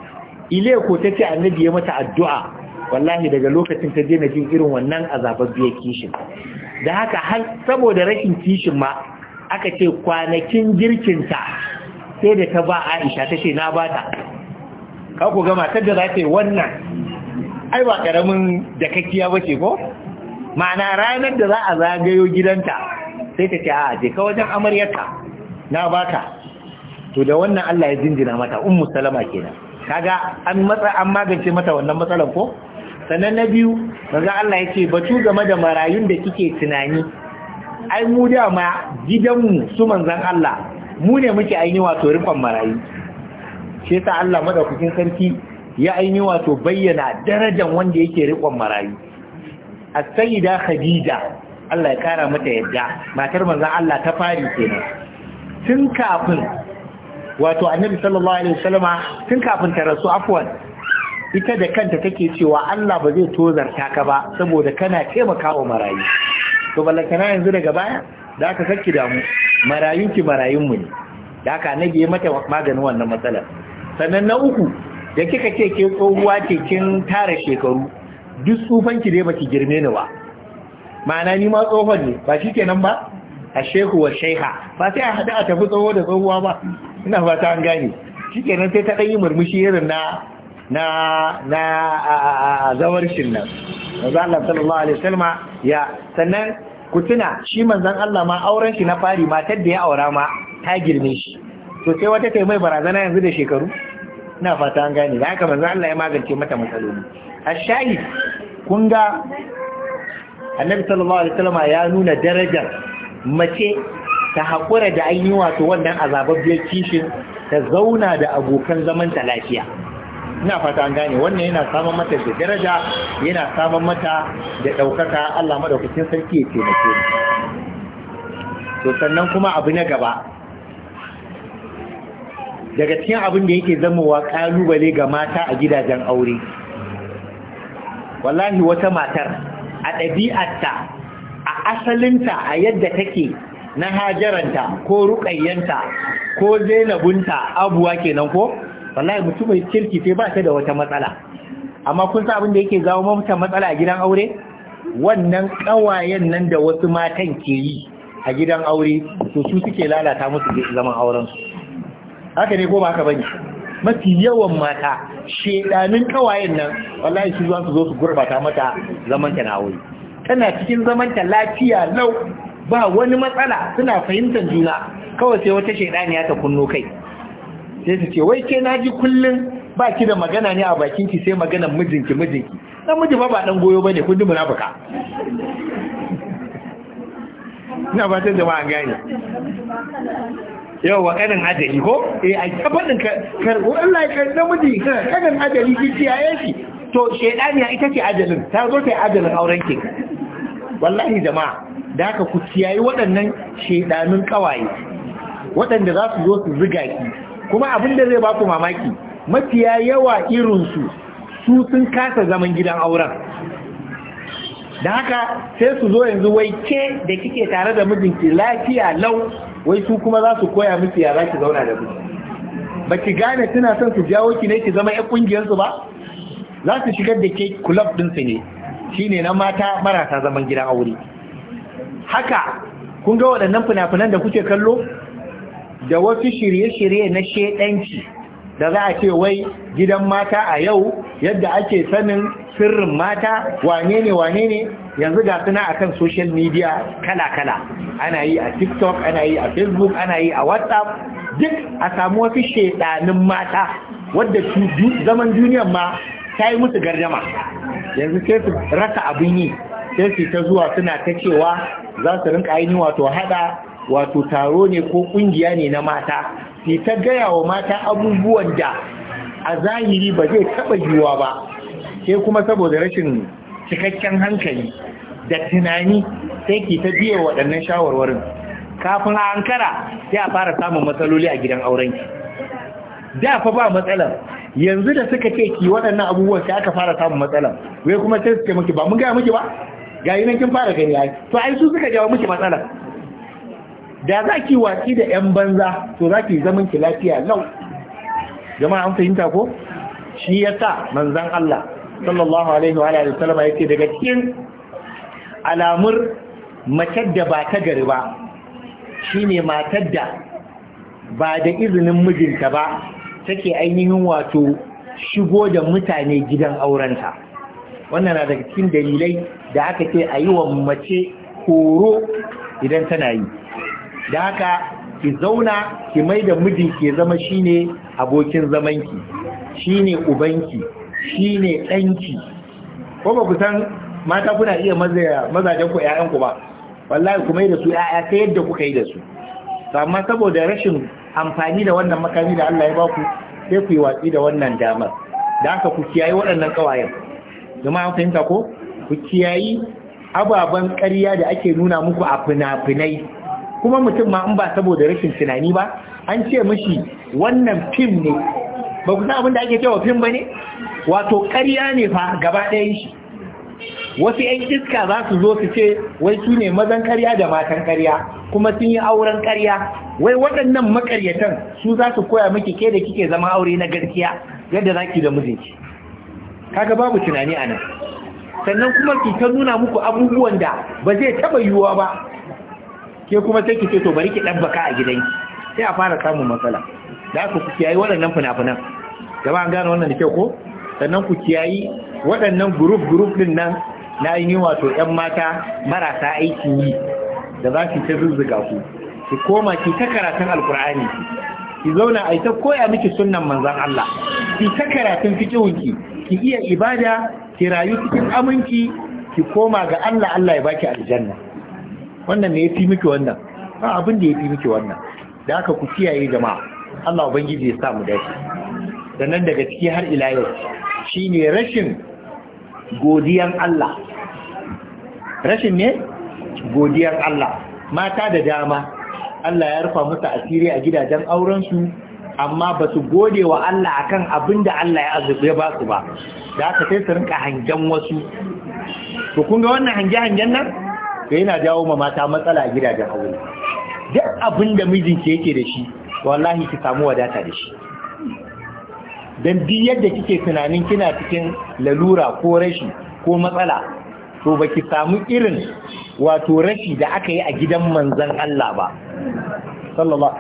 ile ko ta ce annabi ya mata addu'a wallahi daga lokacin ta je na jin irin wannan azabar azababbe kishin da haka har saboda rashin kishin ma aka ce kwanakin girkinta sai da ta ba aisha ta ce na ba ta kaku gama ta da za ta yi wannan ai ba karamin dakakkiya ba ce ko ma'ana ranar da za a zagayo gidanta sai ta ce a je ka wajen amaryarta na ba ta to da wannan Allah ya jinjina mata ummu salama kenan kaga an matsa an magance mata wannan matsalar ko sannan na biyu maza Allah ya ce batu game da marayun da kike tunani ai mu dama gidanmu su manzan Allah mu ne muke aini wato rikon marayu shi ta Allah madaukakin sarki ya aini wato bayyana darajar wanda yake rikon marayu as-sayyida khadija Allah ya kara mata yadda matar manzan Allah ta fari kenan tun kafin wato annabi sallallahu alaihi wasallama tun kafin ta rasu afwan ita da kanta take cewa Allah ba zai tozarta ka ba saboda kana taimakawa marayu to ballantana yanzu daga baya da aka da damu marayun ki marayun mu ne da aka nage mata maganin wannan matsalar sannan na uku da kika ce ke tsohuwa ce kin tara shekaru duk tsufan ki dai baki girme ni ba ma'ana ni ma tsohon ne ba shi kenan ba a shehu wa shaiha ba sai a haɗu a tafi tsoho da tsohuwa ba ina fata an gane shi kenan sai ta ɗan yi murmushi irin na na na zawarshin nan manzo Allah sallallahu alaihi wasallam ya sannan ku tuna shi manzon Allah ma auren shi na fari matar da ya aura ma ta girme shi to sai wata ta mai barazana yanzu da shekaru ina fata an gane da haka manzon Allah ya magance mata matsaloli ashai kun ga annabi sallallahu alaihi wasallam ya nuna darajar mace ta haƙura da an yi wato wannan azababiyar kishin ta zauna da abokan zaman zamanta lafiya ina fata an gane wannan yana samun mata da daraja yana samun mata da ɗaukaka Allah madaukakin sarki ya ce ni to sannan kuma abu na gaba daga cikin abin da yake zamowa kalubale ga mata a gidajen aure wallahi wata matar a ɗabi'arta a asalinta a yadda take na hajaranta ko ruƙayyanta ko zainabunta abuwa kenan ko mutum mutumin kirki sai ba ta da wata matsala amma kun sa abin da yake gawo mafita matsala a gidan aure wannan kawayen nan da wasu matan ke yi a gidan aure to su suke lalata musu zaman auren su haka ne ko ba haka bane mafi yawan mata shedanin kawayen nan wallahi su zuwa su zo su gurbata mata zaman ta na aure tana cikin zaman ta lafiya lau ba wani matsala suna fahimtar juna kawai sai wata shedaniya ta kunno kai sai ta ce wai ke na ji kullum ba ki da magana ne a bakinki sai maganan mijinki mijinki dan miji ba ba dan goyo bane kun ji munafuka ina fatan jama'a gane yau wa kanin ajali ko eh a kafadin kar Allah ya kar namiji kanin ajali ki kiyaye shi to shedaniya ita ce ajalin ta zo ta yi ajalin auren ki wallahi jama'a da haka ku kiyaye waɗannan shedanun kawaye waɗanda za su zo su ziga ki kuma abin da zai baku mamaki mafiya yawa irinsu su sun kasa zaman gidan auren da haka sai su zo yanzu wai ke da kike tare da mijinki lafiya lau wai su kuma za su koya miki ya za ki zauna da miji ba ki gane suna son su jawo ki ne ki zama 'yan ƙungiyarsu ba za su shigar da ke kulab ɗinsu ne Shi ne na mata marasa zaman gidan aure haka kun ga waɗannan fina-finan da kuke kallo da wasu shirye-shirye na shedanci da za a ce wai gidan mata a yau yadda ake sanin sirrin mata wane ne wane ne yanzu ga suna akan social media kala-kala ana yi a tiktok ana yi a facebook ana yi a whatsapp duk a samu wasu shedanin mata wadda zaman duniyan ma ta yi musu gardama yanzu sai su rasa abin yi sai su ta zuwa suna ta cewa za su rinka ainihin wato hada wato taro ne ko kungiya ne na mata sai ta gaya wa mata abubuwan da a zahiri ba zai taɓa yiwuwa ba sai kuma saboda rashin cikakken hankali da tunani sai ki ta biya waɗannan shawarwarin kafin a ankara sai a fara samun matsaloli a gidan aurenki da fa ba matsalar yanzu da suka ce ki waɗannan abubuwan sai aka fara samun matsalar wai kuma sai suke miki ba mun gaya miki ba gayi yi nan kin fara gani ai to ai su suka jawo miki matsalar da za ki watsi da 'yan banza to za ki zaman ki lafiya lau jama'a an fahimta ko shi ya sa manzan Allah sallallahu alaihi wa alihi sallama yake daga cikin alamur matar da ba ta gari ba shine matar da ba da izinin mijinta ba take ainihin wato shigo da mutane gidan aurenta wannan na daga cikin dalilai da aka ce a yi wa mace horo idan tana yi da haka ki zauna ki mai da miji ke zama shine abokin zamanki shine ubanki shine ɗanki ko ba ku san mata kuna iya mazajen ku ku ba wallahi ku mai da su ƴaƴa ta yadda kuka yi da su amma saboda rashin amfani da wannan makami da Allah ya ba ku sai ku yi watsi da wannan damar da haka ku kiyaye waɗannan ƙawayen zama an fahimta ko ku kiyayi ababen ƙarya da ake nuna muku a fina-finai kuma mutum ma in ba saboda rashin tunani ba an ce mishi wannan fim ne ba ku san abin da ake cewa fim ba ne wato ƙarya ne fa gaba ɗayan shi wasu 'yan iska za su zo su ce wai su ne mazan ƙarya da matan ƙarya kuma sun yi auren ƙarya wai waɗannan makaryatan su za su koya miki ke da kike zama aure na gaskiya yadda za ki da mijinki kaga babu tunani a nan sannan kuma ki ta nuna muku abubuwan da ba zai taɓa yiwuwa ba ke kuma sai ki ce to bari ki dabbaka a gidanki sai a fara samun matsala da ku ku kiyayi waɗannan fina-finan gaba an gane wannan da kyau ko sannan ku kiyayi waɗannan group group din nan na yi wato 'yan mata marasa aikin yi da za su ta zuzzuga ku ki koma ki ta karatun alkur'ani ki zauna a ta koya miki sunnan manzon Allah ki ta karatun fiqhunki ki iya ibada ki rayu cikin aminci ki koma ga Allah Allah ya baki aljanna wannan ne ya fi miki wannan ba abin da ya fi miki wannan da aka ku kiyaye jama'a Allah ubangiji ya sa mu dace nan daga ciki har ila yau shine rashin godiyan Allah rashin ne godiyan Allah mata da dama Allah ya rufa musu asiri a gidajen aurensu amma ba su gode wa Allah akan abin da Allah ya basu ba su ba da aka sai su rinka hangen wasu to kun ga wannan hange-hangen nan to yana jawo ma mata matsala a gidajen aure duk abin da mijinki yake da shi wallahi ki samu wadata da shi dan duk yadda kike tunanin kina cikin lalura ko rashi ko matsala to baki samu irin wato rashi da aka yi a gidan manzon Allah ba sallallahu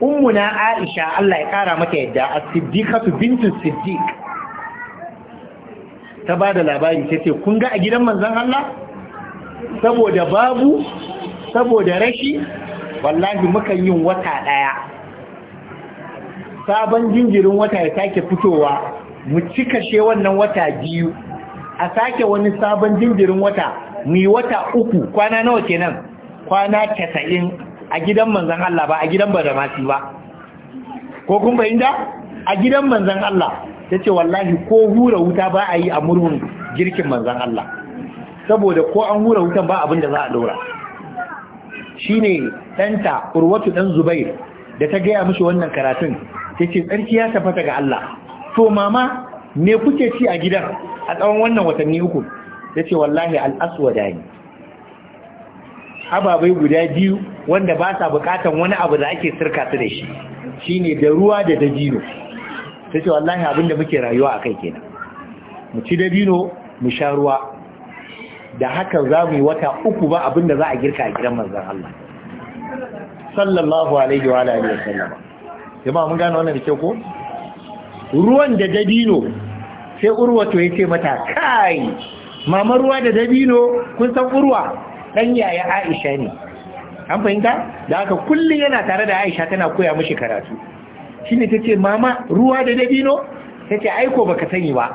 ummuna Aisha Allah ya kara mata yadda as-siddiqatu bintu siddiq ta bada labari ce kun ga a gidan manzon Allah saboda babu saboda rashi wallahi mukan yin wata ɗaya sabon jinjirin wata ya sake fitowa mu cika she wannan wata biyu a sake wani sabon jinjirin wata mu yi wata uku kwana nawa kenan kwana casa'in a gidan manzan Allah ba a gidan badamasi ba ko kun fahimta a gidan manzan Allah ta ce wallahi ko hura wuta ba a yi a murhun girkin manzan Allah saboda ko an hura wutan ba abin da za a shi shine ɗanta urwatu ɗan zubair da ta gaya mishi wannan karatun ta ce tsarki ya tafata ga Allah to mama me kuke ci a gidan a tsawon wannan watanni uku ta ce wallahi da ne ababai guda biyu wanda ba sa bukatan wani abu da ake sirka su da shi shine da ruwa da dabino ta ce wallahi abinda muke rayuwa a kai kenan mu ci dabino mu sha ruwa da haka za mu yi wata uku ba abinda za a girka a gidan manzan Allah sallallahu alaihi wa alihi wa sallama jama'a mun gane wannan da ke ko ruwan da dabino sai urwa to yace mata kai mama ruwa da dabino kun san urwa dan yaya Aisha ne an fahimta da haka kullum yana tare da Aisha tana koya mishi karatu shine tace mama ruwa da dabino tace aiko baka sani ba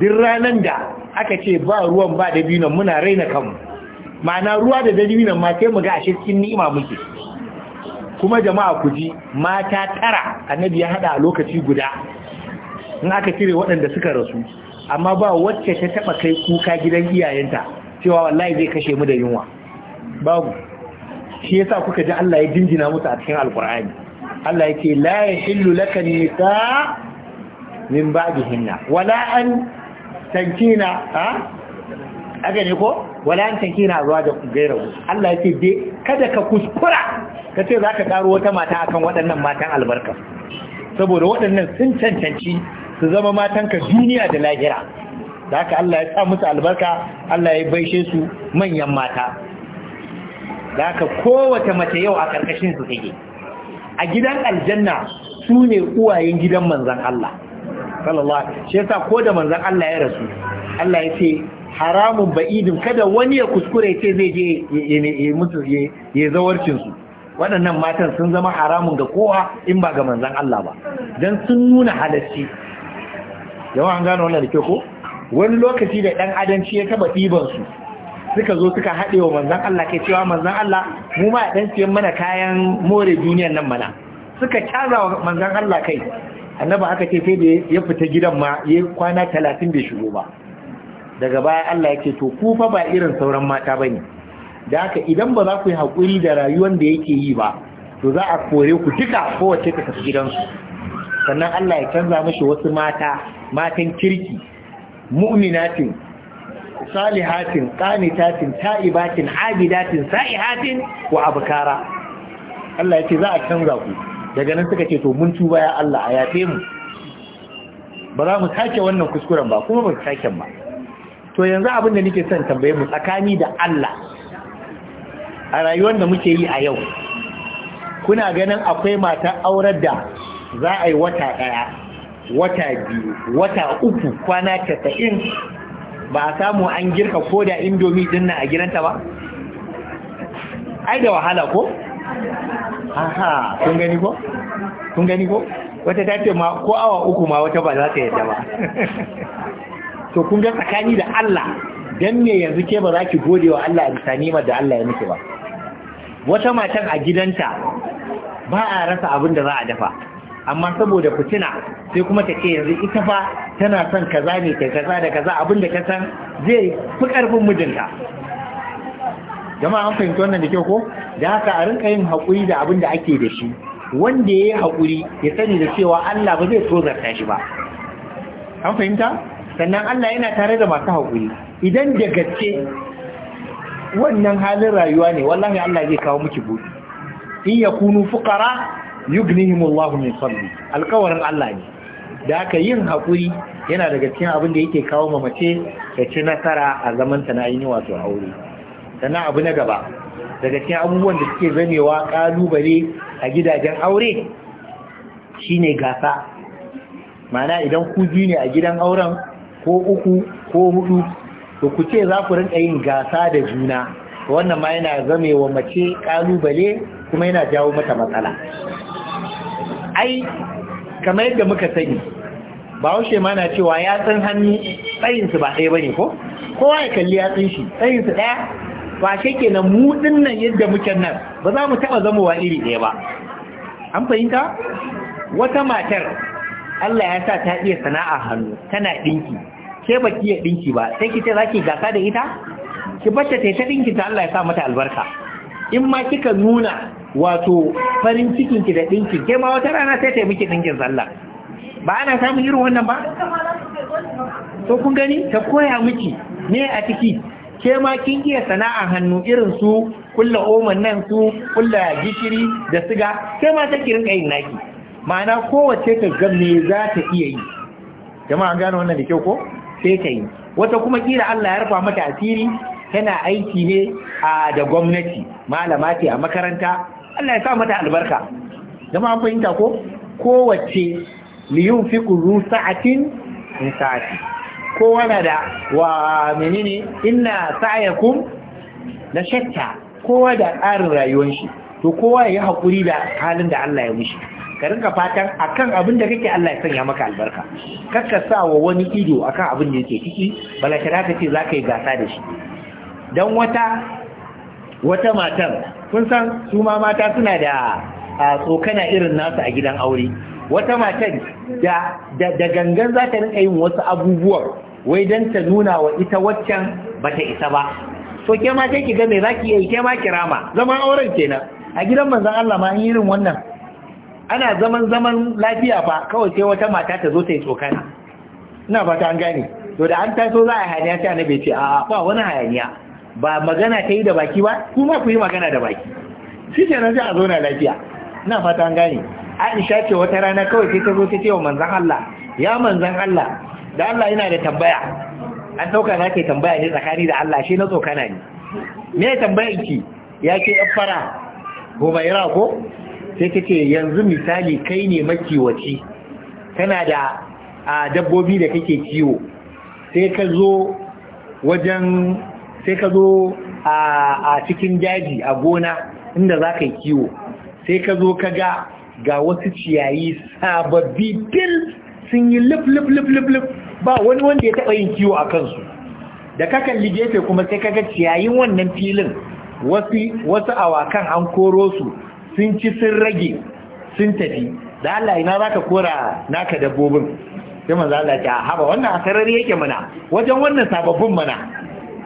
duk ranar da aka ce ba ruwan ba da binan muna raina kanmu ma'ana ruwa da dalibinan ma sai mu ga ashe ni'ima muke kuma jama'a ku ji mata tara annabi ya hada a lokaci guda in aka cire waɗanda suka rasu amma ba wacce ta taba kai kuka gidan iyayenta cewa wallahi zai kashe mu da yunwa babu shi yasa kuka ji Allah ya jinjina musu a cikin alkur'ani Allah yake la yahillu laka nisa min ba'dihinna wala an tankina ha aka ko wala an tankina ruwa da gaira Allah ya ce kada ka kuskura ka ce za ka karo wata mata akan waɗannan matan albarka saboda waɗannan sun cancanci su zama matanka duniya da lahira da haka Allah ya sa musu albarka Allah ya baishe su manyan mata da kowace mace yau a karkashin su take a gidan aljanna su ne uwayen gidan manzan Allah sallallahu alaihi shi yasa ko da manzon Allah ya rasu Allah ya ce haramun ba'idin kada wani ya kuskure ce zai je ya mutu ya zawarcin su waɗannan matan sun zama haramun ga kowa in ba ga manzon Allah ba dan sun nuna halacci yawa an gano wannan da ko wani lokaci da ɗan adanci ya taba ɗiban su suka zo suka haɗe wa manzan Allah kai cewa manzan Allah mu ma dan siyan mana kayan more duniyar nan mana suka kyaza wa manzan Allah kai annaba aka ce sai da ya fita gidan ma ya kwana talatin bai shigo ba daga baya Allah ya ce to ku fa ba irin sauran mata ba ne. da haka idan ba za ku yi haƙuri da rayuwar da yake yi ba to za a kore ku duka kowace ta tafi gidansu sannan Allah ya canza mishi wasu mata matan kirki mu'minatin salihatin qanitatin ta'ibatin abidatin sa'ihatin wa abkara Allah ya ce za a canza ku daga nan suka ce to mun tuba ya Allah a yafe mu ba za mu sake wannan kuskuren ba kuma ba mu sake ba to yanzu abin da nake son tambaye mu tsakani da Allah a rayuwar da muke yi a yau kuna ganin akwai mata aurar da za a yi wata ɗaya wata biyu wata uku kwana casa'in ba a samu an girka ko da indomi dinna a gidanta ba ai da wahala ko aha kun gani ko kun gani ko wata ta ce ma ko awa uku ma wata ba za ta yadda ba to kun ga tsakani da Allah dan me yanzu ke ba za ki gode wa Allah bisa nimar da Allah ya miki ba wata matan a gidanta ba a rasa abin da za a dafa amma saboda fitina sai kuma ta ce yanzu ita fa tana son kaza ne ta kaza da kaza abin da ka san zai fi karfin mijinta jama'a an fahimci wannan da kyau ko da haka a rinka yin haƙuri da abin da ake da shi wanda ya yi haƙuri ya sani da cewa Allah ba zai tozarta shi ba an fahimta sannan Allah yana tare da masu haƙuri idan da gaske wannan halin rayuwa ne wallahi Allah zai kawo miki buɗi in yakunu fuqara yughnihimullahu min fadli alƙawarin Allah ne da haka yin haƙuri yana daga cikin abin da yake kawo mace ta ci nasara a zaman ta na ni wato aure sannan abu na gaba daga cikin abubuwan da suke zamewa kalubale a gidajen aure shine gasa mana idan ku biyu ne a gidan auren ko uku ko hudu to ku ce za ku rinka yin gasa da juna wannan ma yana zamewa mace kalubale kuma yana jawo mata matsala ai kamar yadda muka sani bahaushe ma na cewa ya san hannu tsayinsu ba ɗaya ba ne ko kowa ya kalli yatsun shi tsayinsu ɗaya ba shi kenan mu nan yadda muke nan ba za mu taba zama iri ɗaya ba an fahimta wata matar Allah ya sa ta iya sana'a hannu tana ɗinki, ke ba ki iya ɗinki ba sai ki ce za ki gasa da ita ki bacce ta ta dinki ta Allah ya sa mata albarka in ma kika nuna wato farin cikin ki da dinki ke ma wata rana sai ta yi miki dinkin sallah ba ana samun irin wannan ba to kun gani ta koya miki ne a ciki ke ma kin iya sana'a hannu irin su kulla oman nan su kulla gishiri da siga sai ma take rinka yin naki ma'ana kowace ka ga me za ta iya yi jama'a gane wannan da kyau ko sai ta yi wata kuma kila Allah ya rufa mata asiri tana aiki ne a da gwamnati malama ce a makaranta Allah ya sa mata albarka jama'a fahimta ko kowace liyun fi kuru sa'atin in sa'ati kowa na da wa menene inna sa'yakum Na shatta kowa da tsarin rayuwar shi to kowa ya hakuri da halin da Allah ya mishi ka rinka fatan akan abin da kake Allah ya sanya maka albarka kakka sa wa wani ido akan abin da yake ciki bala ka ce zaka yi gasa da shi dan wata wata matar kun san su ma mata suna da tsokana irin nasu a gidan aure wata matar da da gangan za ta rinka yin wasu abubuwan wai don ta nuna wa ita waccan ba ta isa ba so ke ma sai kiga ga za zaki yi ke ma kirama zaman auren kenan a gidan manzan Allah ma yi irin wannan ana zaman zaman lafiya fa kawai sai wata mata ta zo ta yi tsokana ina fata an gane to da an taso za a hayaniya na bai ce a'a ba wani hayaniya ba magana ta yi da baki ba kuma ku magana da baki shi sai a zauna lafiya ina fata an gane Aisha ce wata rana kawai sai ta zo ta ce wa manzan Allah ya manzan Allah da Allah yana da tambaya an dauka na ke tambaya ne tsakani da Allah shi na tsokana ne me ya ki ya ce afara fara ko sai ta ce yanzu misali kai ne makiwaci kana da dabbobi da kake kiwo sai ka zo wajen sai ka zo a cikin daji a gona inda za ka yi kiwo sai ka zo ka ga ga wasu ciyayi sababbi fil sun yi lif lif lif lif ba wani wanda ya taɓa yin kiwo a kansu da ka kalli gefe kuma sai kaga ciyayin wannan filin wasu wasu awakan an koro su sun ci sun rage sun tafi da Allah ina ka kora naka dabbobin sai a Allah a haba wannan a sarari yake mana wajen wannan sababbin mana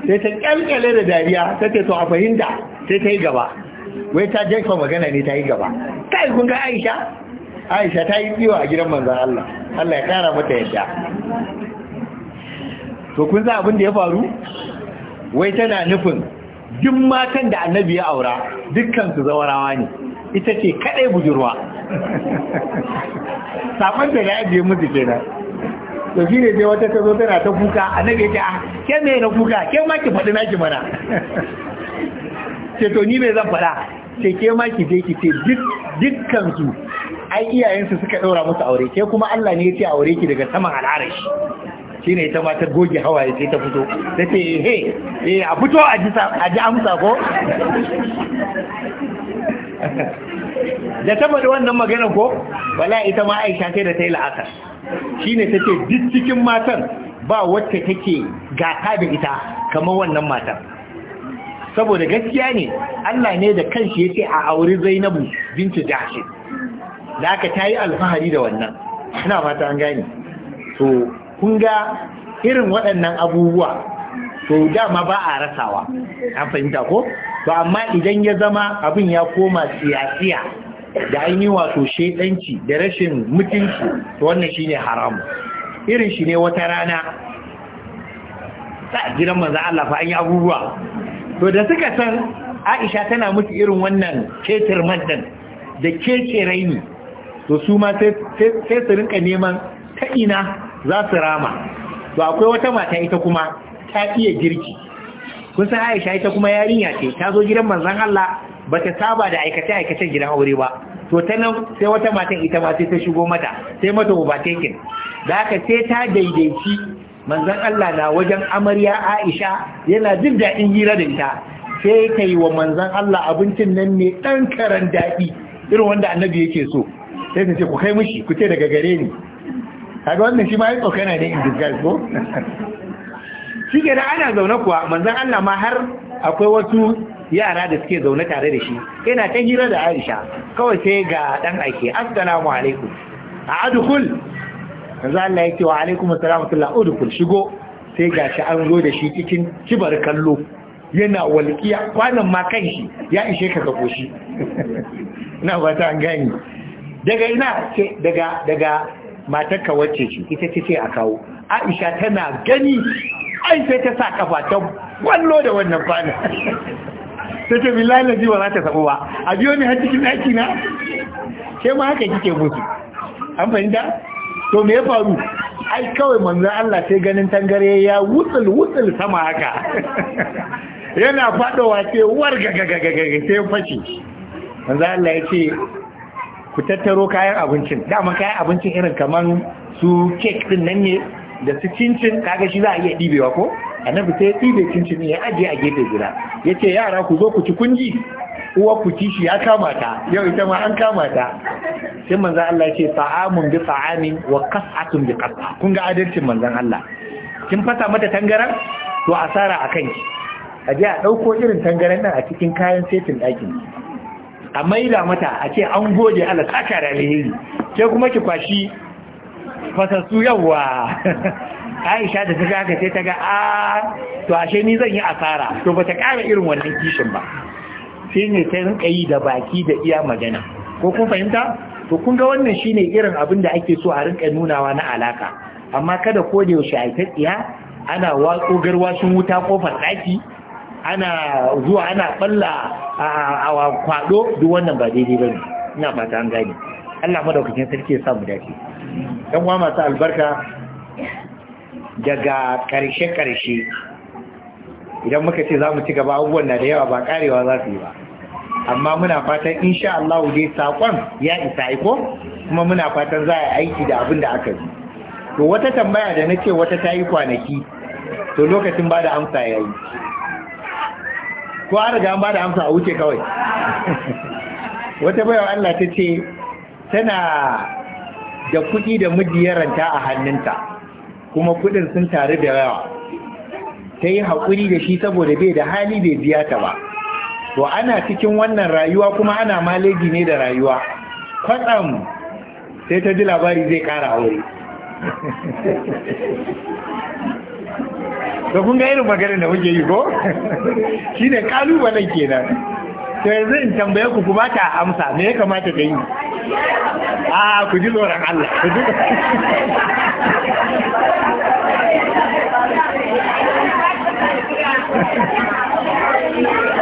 sai ta kyalkyale da dariya ta ce a fahimta sai ta yi gaba wai ta jefa magana ne ta yi gaba kai kun ga aisha aisha ta yi tsiwa a gidan manzan Allah Allah ya kara mata yadda to kun za abin da ya faru wai tana nufin duk matan da annabi ya aura dukkan su zawarawa ne ita ce kadai budurwa saman da ya mutu musu kenan to shi ne sai wata ta zo tana ta kuka annabi ya ce ah ke me na kuka ke ma ki faɗi ki mana ceto to ni me zan faɗa ce ke ma ki je ki ce dukkan su ai iyayensu suka ɗaura musu aure ke kuma Allah ne ya ce aure ki daga saman al'arashi shi ne ta ta goge hawaye sai ta fito ta ce he a fito a ji amsa ko da ta faɗi wannan magana ko wala ita ma aisha sai da ta yi la'asar. shi ne ta ce duk cikin matan ba wacce take gata da ita kamar wannan matan saboda gaskiya ne Allah ne da kanshi yake a auri Zainabu bintu Jahshi da aka tayi alfahari da wannan ina fata an gane to kun ga irin waɗannan abubuwa to dama ba a rasawa an fahimta ko to amma idan ya zama abin ya koma siyasiya da an yi wato shaidanci da rashin mutunci to wannan shine haramu irin shi ne wata rana ta gidan manzo Allah fa an yi abubuwa to da suka san aisha tana mutu irin wannan ketar maddan da keke raini to su ma sai su rinka neman ta ina za su rama to akwai wata mata ita kuma ta iya girki kun san aisha ita kuma yarinya ce ta zo gidan manzon Allah ba ta saba da aikace aikacen gidan aure ba to ta nan sai wata matan ita ma sai ta shigo mata sai mata uba da haka sai ta daidaici Manzan Allah na wajen amarya Aisha yana jin daɗin hira da ita sai yi wa manzan Allah abincin nan ne ɗan karan daɗi irin wanda annabi yake so sai ka ce ku kai mishi ku ce daga gare ni kaga wannan shi ma ya tsokana ne in disguise ko shi ke ana zaune kuwa manzan Allah ma har akwai wasu yara da suke zaune tare da shi yana ta hira da Aisha kawai sai ga ɗan aiki, assalamu alaikum a adukul yanzu Allah ya ce wa alaikum assalamu tullah udkhul shigo sai gashi an zo da shi cikin kibar kallo yana walƙiya kwanan ma kanshi ya ishe ka ga shi ina ba ta gani daga ina ce daga daga matarka wacce ce ita ce ce a kawo Aisha tana gani ai sai ta sa kafa ta wallo da wannan kwana sai ta billahi laji ba za ta samu ba a biyo ni har cikin daki na ke ma haka kike musu an fahimta to me ya faru ai kawai manzan Allah sai ganin tangare ya wutsul wutsul sama haka yana fadowa sai warga gagagagaga sai fashi manzan Allah ya ce ku tattaro kayan abincin dama kayan abincin irin kaman su kek din nan ne da su cincin kaga shi za a iya ɗibewa ko annabi sai ya ɗibe cincin ya ajiye a gefe gida yace yara ku zo ku ci kunji uwa ku kishi ya kama ta yau ita ma an kama ta sai manzon Allah ce ta'amun bi ta'amin wa qas'atun bi qas'a kun ga adalcin manzon Allah kin fasa mata tangaran to asara akan ki a je a dauko irin tangaran nan a cikin kayan setin ɗakin a maida mata a ce an gode Allah saka da alheri ke kuma ki kwashi fasassu yawwa Aisha da ta ga haka sai ta ga a ah, to ashe ni zan yi asara to bata ƙara irin wannan kishin ba sai ne sai rinka yi da baki da iya magana ko kun fahimta to kun ga wannan shine irin abin da ake so a rinka nunawa na alaka amma kada ko da yaushe ai ta tsiya ana garwa sun wuta kofar daki ana zuwa ana balla a kwado duk wannan ba daidai bane ina fata an gane Allah madaukakin sarki ya samu dace dan uwa masu albarka daga karshe karshe idan muka ce za mu ci gaba abubuwan na da yawa ba karewa za su yi ba amma muna fatan insha Allah dai sakon ya isa aiko kuma muna fatan za a aiki da abin da aka yi to wata tambaya da na ce wata ta yi kwanaki to lokacin ba da amsa ya yi ko an riga an ba da amsa a wuce kawai wata baiwa Allah ta ce tana da kuɗi da miji ranta a hannunta kuma kuɗin sun taru da yawa ta yi haƙuri da shi saboda bai da hali bai biya ta ba to ana cikin wannan rayuwa kuma ana maleji ne da rayuwa kwatsam sai ta ji labari zai ƙara aure da kun ga irin maganar da muke yi ko shi ne kalubalen kenan to yanzu in tambaye ku ku ba ta amsa me ya kamata ka yi a ku ji tsoron Allah ku ji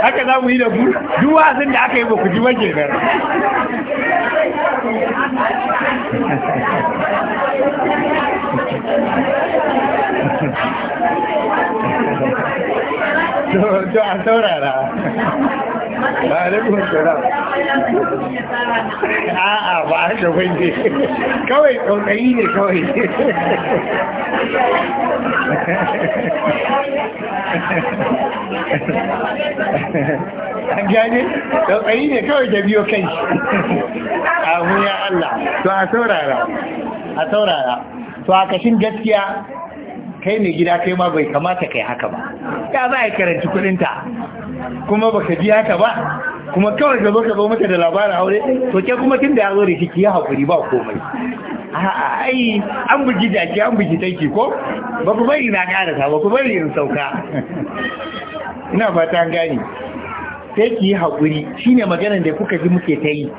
haka za mu yi da ku duk wasan da aka yi ba ku ji ba kenan to a saurara ba a rabu wasara a'a ba a da wani kawai tsautsayi ne kawai an gane tsautsayi ne kawai da biyo kai abu ya Allah to a saurara a saurara to a kashin gaskiya kai ne gida kai ma bai kamata kai haka ba ya za a yi karanci kudinta kuma baka biya haka ba kuma kawai ka zo ka zo mata da labarin aure to ke kuma tunda da ya zo da shi ki ya haƙuri ba komai a'a ai an bugi ki an bugi taiki ko ba ku bari na ta ba ku bari in sauka ina fata an gani sai ki yi haƙuri shine maganar da kuka ji muke ta yi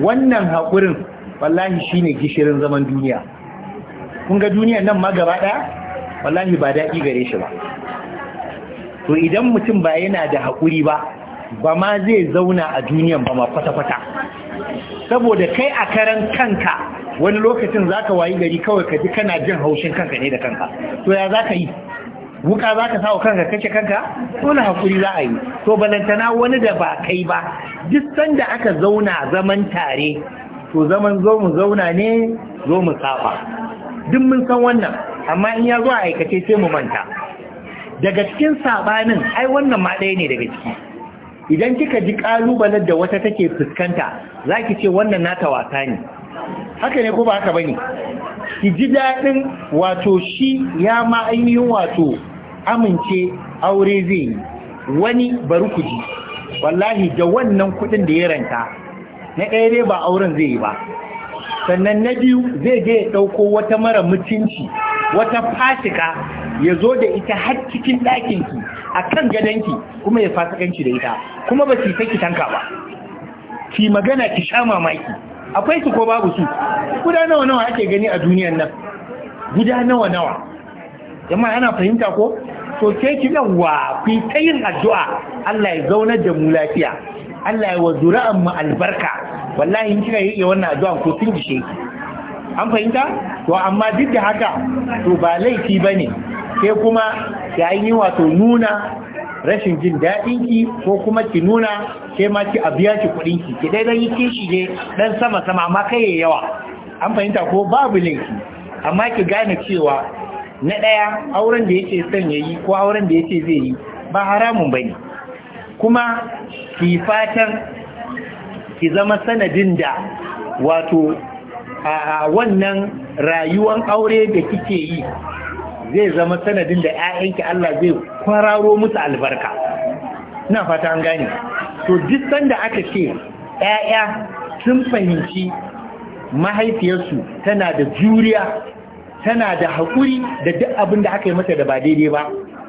wannan hakurin wallahi shine gishirin zaman duniya kun ga duniya nan ma gaba daya wallahi ba daɗi gare shi ba to idan mutum ba yana da haƙuri ba ba ma zai zauna a duniyan ba ma kwata-kwata saboda kai a karan kanka wani lokacin za ka wayi gari kawai ka ji kana jin haushin kanka ne da kanka to ya za ka yi wuka za ka sawa kanka kashe kanka dole haƙuri za a yi to balantana wani da ba kai ba duk sanda aka zauna zaman tare to zaman zo mu zauna ne zo mu saba duk mun san wannan amma in ya zo a aikace sai mu manta daga cikin sabanin ai wannan ma ɗaya ne daga ciki idan kika ji kalubalen da wata take fuskanta zaki ce wannan nata wasa ne haka ne ko ba haka bane ki ji dadin wato shi ya ma ainihin wato amince aure zai yi wani bari ku ji wallahi da wannan kuɗin da ya ranta na ɗaya dai ba auren zai yi ba sannan na biyu zai je ya ɗauko wata mara mutunci wata fasika ya zo da ita har cikin ɗakinki a kan gadonki kuma ya fasa fasikanci da ita kuma ba ki tanka ba ki magana ki sha mamaki akwai su ko babu su guda nawa nawa ake gani a duniyan nan guda nawa nawa amma ana fahimta ko to ke ki yawa ku ta yin addu'a Allah ya zaunar da mu lafiya Allah ya wazura mu albarka wallahi in kika yi wannan addu'a ko kin ji ki an fahimta to amma duk da haka to ba laifi bane ke kuma ki yi wato nuna rashin jin daɗin ki ko kuma ki nuna ke ma ki a biya ki kuɗin ki ki dai yi kishi ne dan sama sama amma kai ya yawa an fahimta ko babu linki, amma ki gane cewa na ɗaya auren da yake son ya yi ko auren da yake zai yi ba haramun bane kuma ki fatan ki zama sanadin da wato a wannan rayuwan aure da kike yi zai zama sanadin da ‘ya'yanki Allah zai kwararo musu albarka na fata an gane to duk sanda aka ce ‘ya'ya sun fahimci mahaifiyarsu tana da juriya tana da haƙuri da duk abin da aka yi mata da ba daidai ba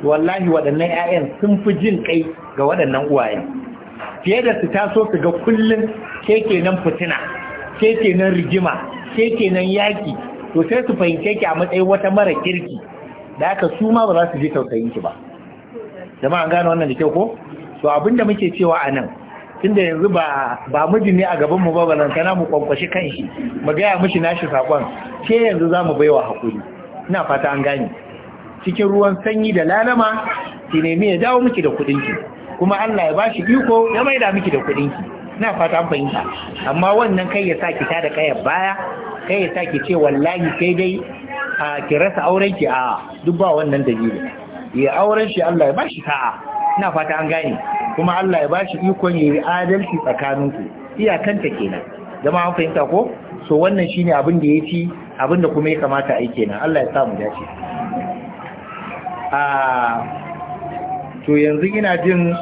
wallahi waɗannan ‘ya'yan sun fi jin kai ga waɗannan uwaye fiye da su taso su ga kullum keke nan fitina keke nan rigima keke nan yaƙi to sai su fahimce ki a matsayin wata mara kirki da aka su ma ba za su je tausayin ki ba jama'a an gane wannan da kyau ko to abinda muke cewa a nan tunda yanzu ba ba miji ne a gaban mu ba kana mu kwankwashi kanshi mu gaya mishi nashi sakon ke yanzu za mu baiwa hakuri ina fata an gane cikin ruwan sanyi da lalama ki me ya dawo miki da kudin ki kuma Allah ya bashi iko ya maida miki da kuɗin ki ina fata an fahimta amma wannan kai ya saki ta da kayar baya kai ya sa ki ce wallahi sai dai a ki rasa auren ki a duk ba wannan dalili ya auren shi Allah ya ba shi sa'a ina fata an gane kuma Allah ya ba shi ikon ya yi adalci tsakaninku iyakanta kenan zama an fahimta ko so wannan shine abin da ya ci abin da kuma ya kamata a yi kenan Allah ya samu dace a to yanzu ina jin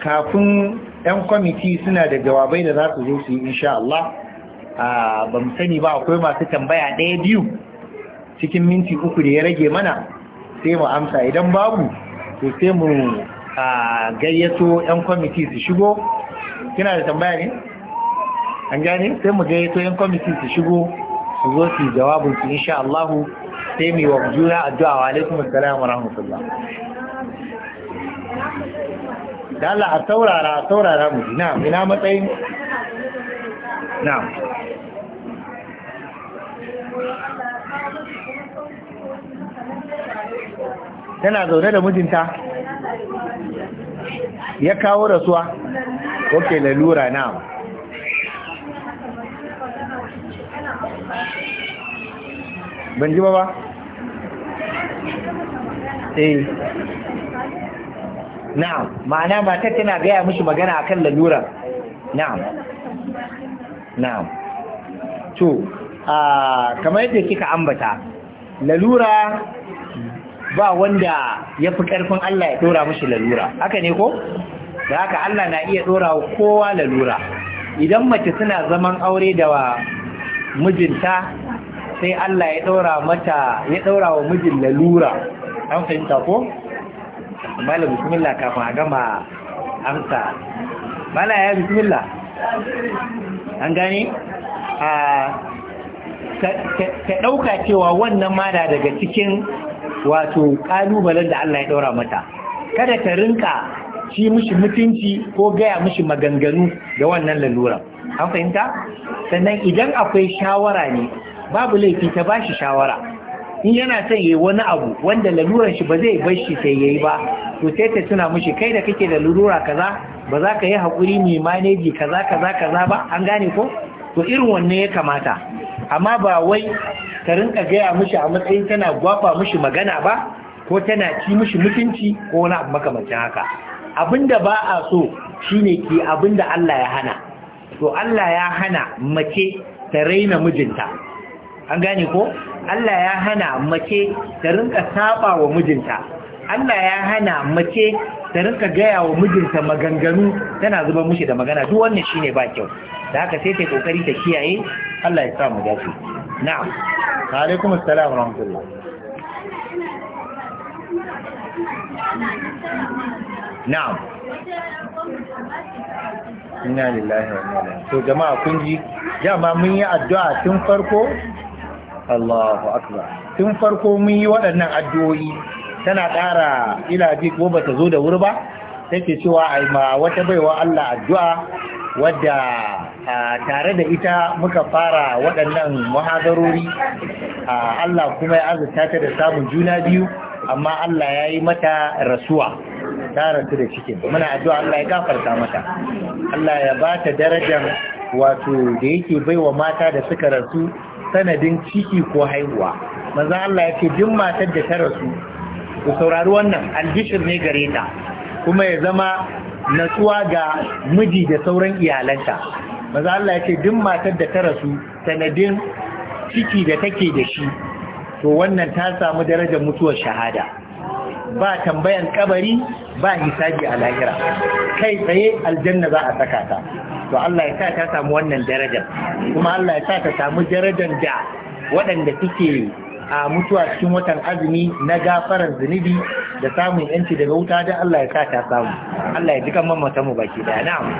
kafin 'yan kwamiti suna da jawabai da za su zo su yi insha ba mu sani ba akwai masu tambaya ɗaya biyu cikin minti uku da ya rage mana sai mu amsa idan babu to sai mu gayyato 'yan kwamiti su shigo kina da tambaya ne an gane sai mu gayyato 'yan kwamiti su shigo su zo su jawabin su insha Allah sai mu wa juna addu'a wa alaikum assalam wa rahmatullah da Allah a saurara a saurara mu na ina matsayin na'am tana zaune da mijinta ya kawo rasuwa ok lalura na ban ji ba eh na'am ma'ana matar tana gaya mishi magana akan lalura na'am na'am to ah, kamar yadda kika ambata lalura ba wanda ya fi ƙarfin Allah ya ɗora mashi lalura haka ne ko da haka Allah na iya ɗora wa kowa lalura idan mace suna zaman aure da wa mijinta sai Allah ya ɗora mata ya ɗora wa mijin lalura an fahimta ko Mala bismillah kafin a gama amsa mala ya bismillah an gane ah, Ka ɗauka cewa wannan mada daga cikin wato ƙalubalen da Allah ya ɗaura mata kada ta rinka ci mishi mutunci ko gaya mishi maganganu da wannan laluran an fahimta sannan idan akwai shawara ne babu laifi ta bashi shawara in yana son yayi wani abu wanda laluran shi ba zai bar shi sai yayi ba to sai ta tuna mishi kai da kake da lalura kaza ba za ka yi haƙuri mai maneji kaza kaza kaza ba an gane ko to irin wannan ya kamata amma ba wai ka rinka gaya mishi a matsayin tana gwafa mishi magana ba ko tana ci mishi mutunci ko wani abu makamancin haka abinda ba a so shine ke abinda Allah ya hana to Allah ya hana mace ta raina mijinta an gane ko Allah ya hana mace ta rinka saba wa mijinta Allah ya hana mace ta rinka gaya wa mijinta maganganu tana zuba mushi da magana duk wannan shine ba kyau da haka sai ta kokari ta kiyaye Allah ya sa mu dace na'am alaikum assalam wa rahmatullah na'am inna lillahi wa inna to jama'a kun ji dama mun yi addu'a tun farko Allahu akbar tun farko mun yi waɗannan addu'o'i tana ƙara ila ji ko bata zo da wuri ba take cewa a ma wata baiwa Allah addu'a wadda tare da ita muka fara waɗannan muhadarori Allah kuma ya arzuta ta da samun juna biyu amma Allah ya yi mata rasuwa ta rasu da cikin muna addu'a Allah ya gafarta mata Allah ya ba ta darajar wato da yake baiwa mata da suka rasu sanadin ciki ko haihuwa Maza Allah ya ce duk matar da ta rasu ku saurari wannan albishir ne gare ta kuma ya zama natsuwa ga miji da sauran iyalanta maza Allah ya ce duk matar da ta rasu sanadin ciki da take da shi to wannan ta samu darajar mutuwar shahada ba tambayan kabari ba hisabi a lahira kai tsaye aljanna za a saka ta to Allah ya sa ta samu wannan darajar kuma Allah ya sa ta samu darajar da waɗanda suke a mutuwa cikin watan azumi na gafarar zunubi da samun yanci daga wuta da Allah ya sa ta samu Allah ya jikan mamata mu baki daya na'am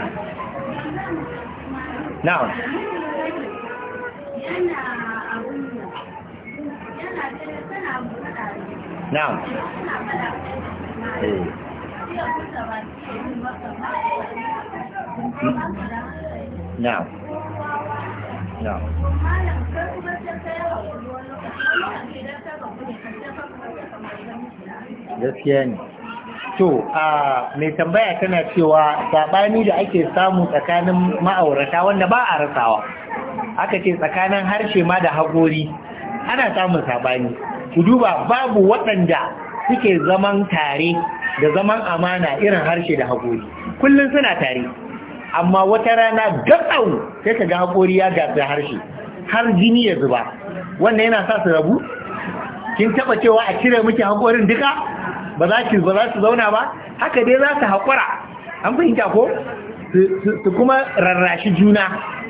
na'am na'am eh. na'am na'am gaskiya ne to a mai tambaya tana cewa sabani da ake samu tsakanin ma'aurata wanda ba a rasawa aka ce tsakanin harshe ma da hagori ana samun sabani ku duba babu waɗanda suke zaman tare da zaman amana irin harshe da hagori kullum suna tare amma wata rana gatsau sai ka ga hakori ya gasa harshe har jini ya zuba wanda yana sa su rabu kin taba cewa a cire miki hakorin duka ba za ki ba za su zauna ba haka dai za su hakura an fahimta ko su kuma rarrashi juna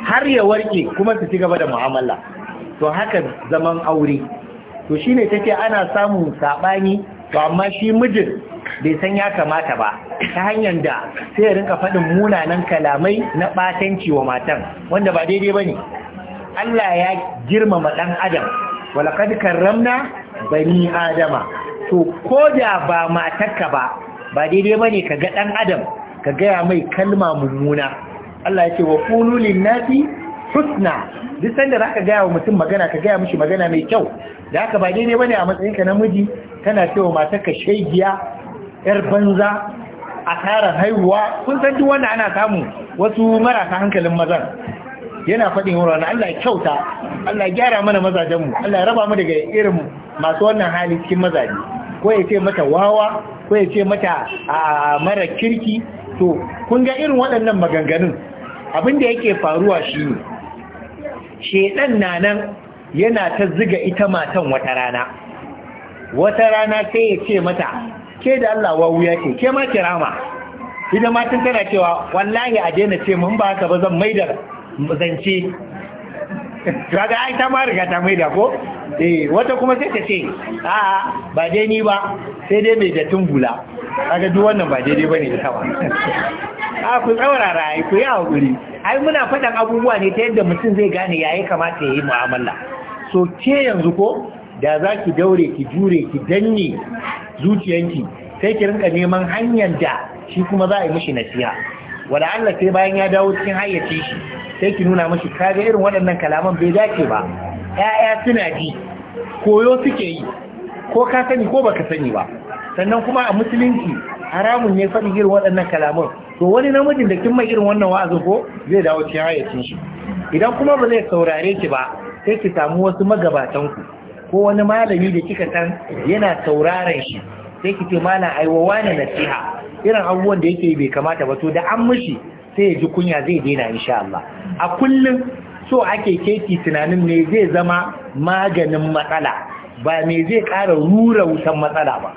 har ya warke kuma su ci gaba da mu'amala to haka zaman aure to shine take ana samun saɓani. to amma shi mijin bai san ya kamata ba ta hanyar da sai rinka faɗin munanan kalamai na ɓatanci wa matan wanda ba daidai ba ne Allah ya girmama ɗan adam walakad karramna bani adama to ko da ba matarka ba ba daidai ba ne ka ga ɗan adam ka gaya mai kalma mummuna Allah ya ce wa qulu nafi husna duk sanda za ka gaya wa mutum magana ka gaya mushi magana mai kyau da haka ba daidai ba ne a matsayinka namiji kana wa matarka shaigiya yar banza a asarar haihuwa kun san duk wanda ana samu wasu marasa hankalin mazan yana faɗin wurin Allah kyauta Allah gyara mana mazajenmu Allah raba mu daga irin masu wannan hali cikin mazaje ko ya ce mata wawa ko ya ce mata a mara kirki to kun ga irin waɗannan maganganun abin da yake faruwa shi ne shedan na nan yana ta ziga ita matan wata rana wata rana sai ya ce mata ke da Allah wawu ce ke ma kirama Idan matan tana cewa wallahi a daina ce mun ba haka ba zan maida zance kaga ai ta ma riga ta maida ko eh wata kuma sai ta ce a ba dai ni ba sai dai mai dattin bula kaga duk wannan ba daidai bane da sama a ku tsaurara ai ku yi hakuri ai muna faɗan abubuwa ne ta yadda mutum zai gane yayi kamata ya yi mu'amala so ke yanzu ko da za ki daure ki jure ki danne zuciyanki sai ki rinka neman hanyar da shi kuma za a yi mishi nasiha wala Allah sai bayan ya dawo cikin hayyacin shi sai ki nuna mashi kaga irin waɗannan kalaman bai dace ba ƴaƴa suna ji koyo suke yi ko ka sani ko baka sani ba sannan kuma a musulunci haramun ne faɗi irin waɗannan kalaman to wani namijin da kin mai irin wannan wa'azi ko zai dawo cikin hayyacin shi idan kuma ba zai saurare ki ba sai ki samu wasu magabatan ku ko wani malami da kika san yana sauraren shi sai ki ce malam aiwa wani nasiha irin abubuwan da yake bai kamata ba to da an mishi sai ya ji kunya zai daina insha Allah a kullum so ake keki tunanin me zai zama maganin matsala ba me zai ƙara rura wutan matsala ba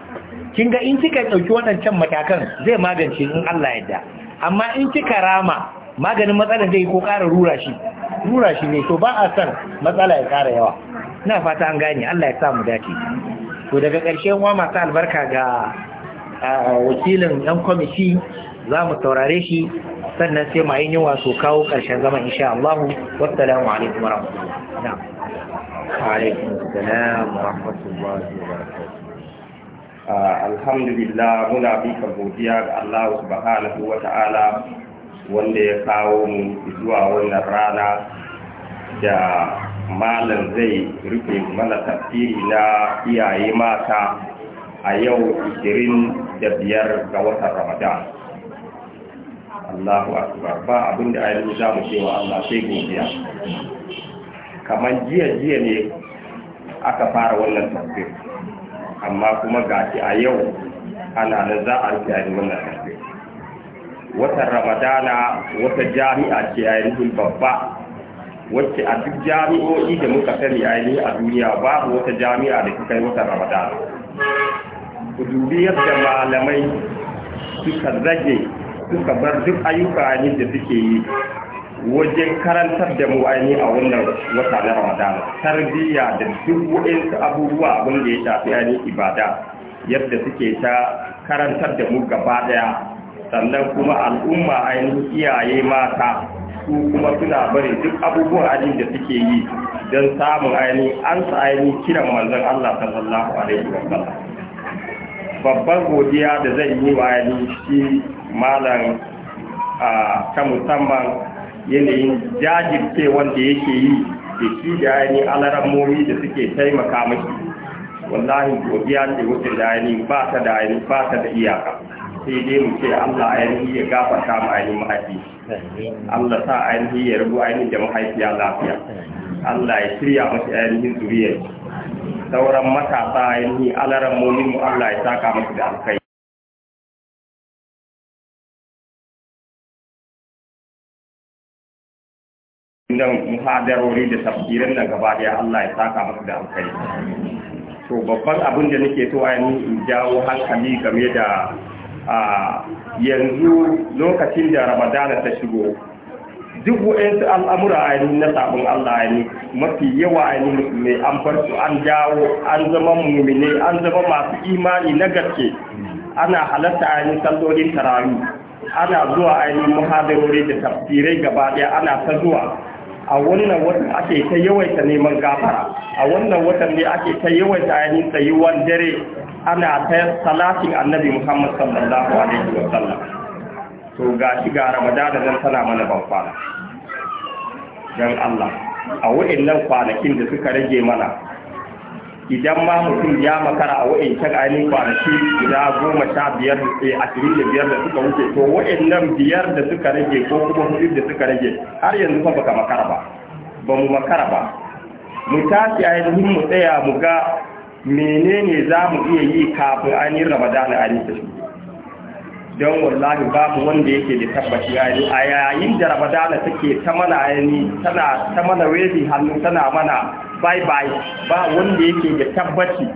kin ga in kika ɗauki waɗancan matakan zai magance in Allah yadda amma in kika rama maganin matsala zai ko ƙara rura shi rura shi ne to ba a san matsala ya ƙara yawa ina fata an gane Allah ya sa mu dace to daga ƙarshen wa masu albarka ga ah, wakilin 'yan kwamiti za mu saurare shi sannan sai mu wasu kawo ƙarshen zaman insha Allah wassalamu alaikum ah, alhamdulillah muna bi ka godiya ga Allah subhanahu wa ta'ala wanda ya kawo mu zuwa wannan rana da malam zai rufe mana tafsiri na iyaye mata a yau 25 ga watan Ramadan Allahu akbar ba abin da ayyuka za mu cewa Allah sai godiya kamar jiya jiya ne aka fara wannan tafsir amma kuma gashi a yau ana nan za a rufe ainihin wannan tafsir watan ramadana wata jami'a ce ainihin babba wacce a duk jami'o'i da muka sani ainihin a duniya babu wata jami'a da kuka yi watan ramadana ku dubi yadda malamai suka zage suka bar duk ayyuka ne da suke yi wajen karantar da mu a wannan wata na Ramadan tarbiyya da duk waɗansu abubuwa abin da ya shafi ainihin ibada yadda suke ta karantar da mu gaba ɗaya sannan kuma al'umma ainihin iyaye mata su kuma suna bari duk abubuwan ajin da suke yi don samun ainihin an sa ainihin kiran manzon Allah sallallahu alaihi wa babban godiya da zai yi wa ainihin shi malam ta musamman yanayin jajircewan da yake yi da shi da ainihin alarammomi da suke taimaka mashi wallahi godiya da wuce da ainihin ba ta da ainihin ba ta da iyaka sai dai mu ce Allah ainihin ya gafarta ma ainihin mahaifi Allah sa ainihin ya rabu ainihin da mahaifiya lafiya Allah ya shirya masu ainihin zuriyar sauran matasa ainihin alarammomin mu Allah ya saka masu da alkai Wannan muhadarori da tafsirin nan gaba daya Allah ya saka maka da alkhairi to babban abin da nake so a yanzu in jawo hankali game da a yanzu lokacin da Ramadan ta shigo duk wa'insu al'amura ainihin na sabon Allah ainihin mafi yawa ainihin mai an bar su an jawo an zama mummune an zama masu imani na gaske ana halatta ainihin sallolin tarawih ana zuwa ainihin muhadarori da tafsirai gaba ɗaya ana ta zuwa a wannan watan ake ta yawaita neman gafara a wannan watan ne ake ta yawaita ainihin tsayuwan dare ana ta salatin annabi muhammad sallallahu alaihi wa sallam to ga shi ga ramadana zan tana mana ban kwana don allah a nan kwanakin da suka rage mana idan ma mutum ya makara a wa'ancan ainihin kwanaki guda goma sha biyar da eh, ashirin da biyar da suka wuce to wa'in nan biyar da suka rage ko kuma hudu da suka rage har yanzu fa baka makara ba ba mu makara ba mu tashi yanzu mu tsaya mu ga menene za mu iya yi kafin an yi ramadana ainihin don wallahi babu wanda yake da tabbaci ainihin a yayin da ramadana take ta mana ainihi, tana ta mana wezi hannu tana mana bye bye ba wanda yake da tabbaci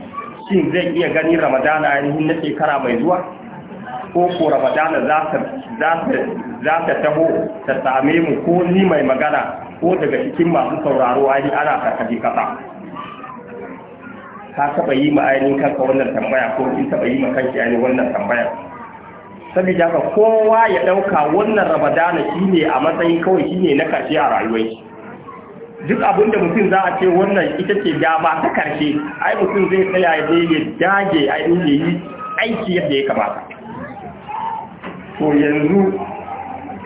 shin zai iya gani ramadana ainihin na shekara mai zuwa ko ko ramadana za ta taho ta same mu ko ni mai magana ko daga cikin masu sauraro aini ana karkashi kasa ka taba yi ma ainihin kanka wannan tambaya ko in taba yi ma kanki ainihin wannan tambaya saboda haka kowa ya dauka wannan ramadana shine a matsayin kawai shine na karshe a rayuwar duk abin da mutum za a ce wannan ita ce dama ta karshe ai mutum zai tsaya ya ya dage a inda yi aiki yadda ya kamata to yanzu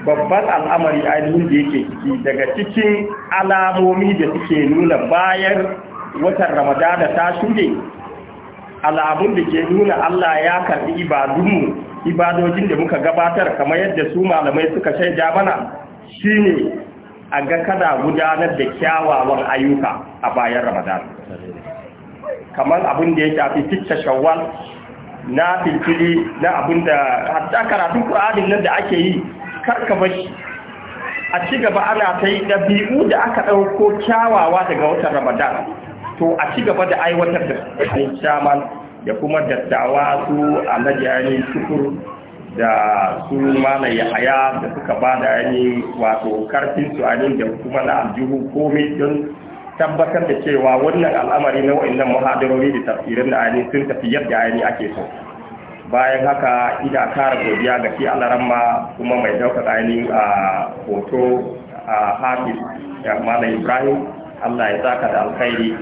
babban al'amari a ainihin da yake ciki daga cikin alamomi da suke nuna bayan watan ramadana ta shuɗe alamun da ke nuna Allah ya karɓi ibadunmu ibadojin da muka gabatar kamar yadda su malamai suka shaida mana shine a ga kana gudanar da kyawawan ayyuka a bayan ramadan kamar abin da ya shafi fitta shawar na filfili na abin da hatta karatun ƙur'anin nan da ake yi karka bashi a ci gaba ana ta yi ɗabi'u da aka ɗauko kyawawa daga watan ramadan to a ci gaba da aiwatar da shaman da kuma dattawa su a majiyani shukuru da su mana ya da suka ba da yanyi wato karfin su ainihin da kuma na aljihu komai don tabbatar da cewa wannan al'amari na wa'annan muhadarori da tafsirin da ainihin sun tafi yadda ainihin ake so bayan haka ina kara godiya ga shi ma kuma mai daukar ainihin a hoto a hafi da malam ibrahim allah ya zaka da alkhairi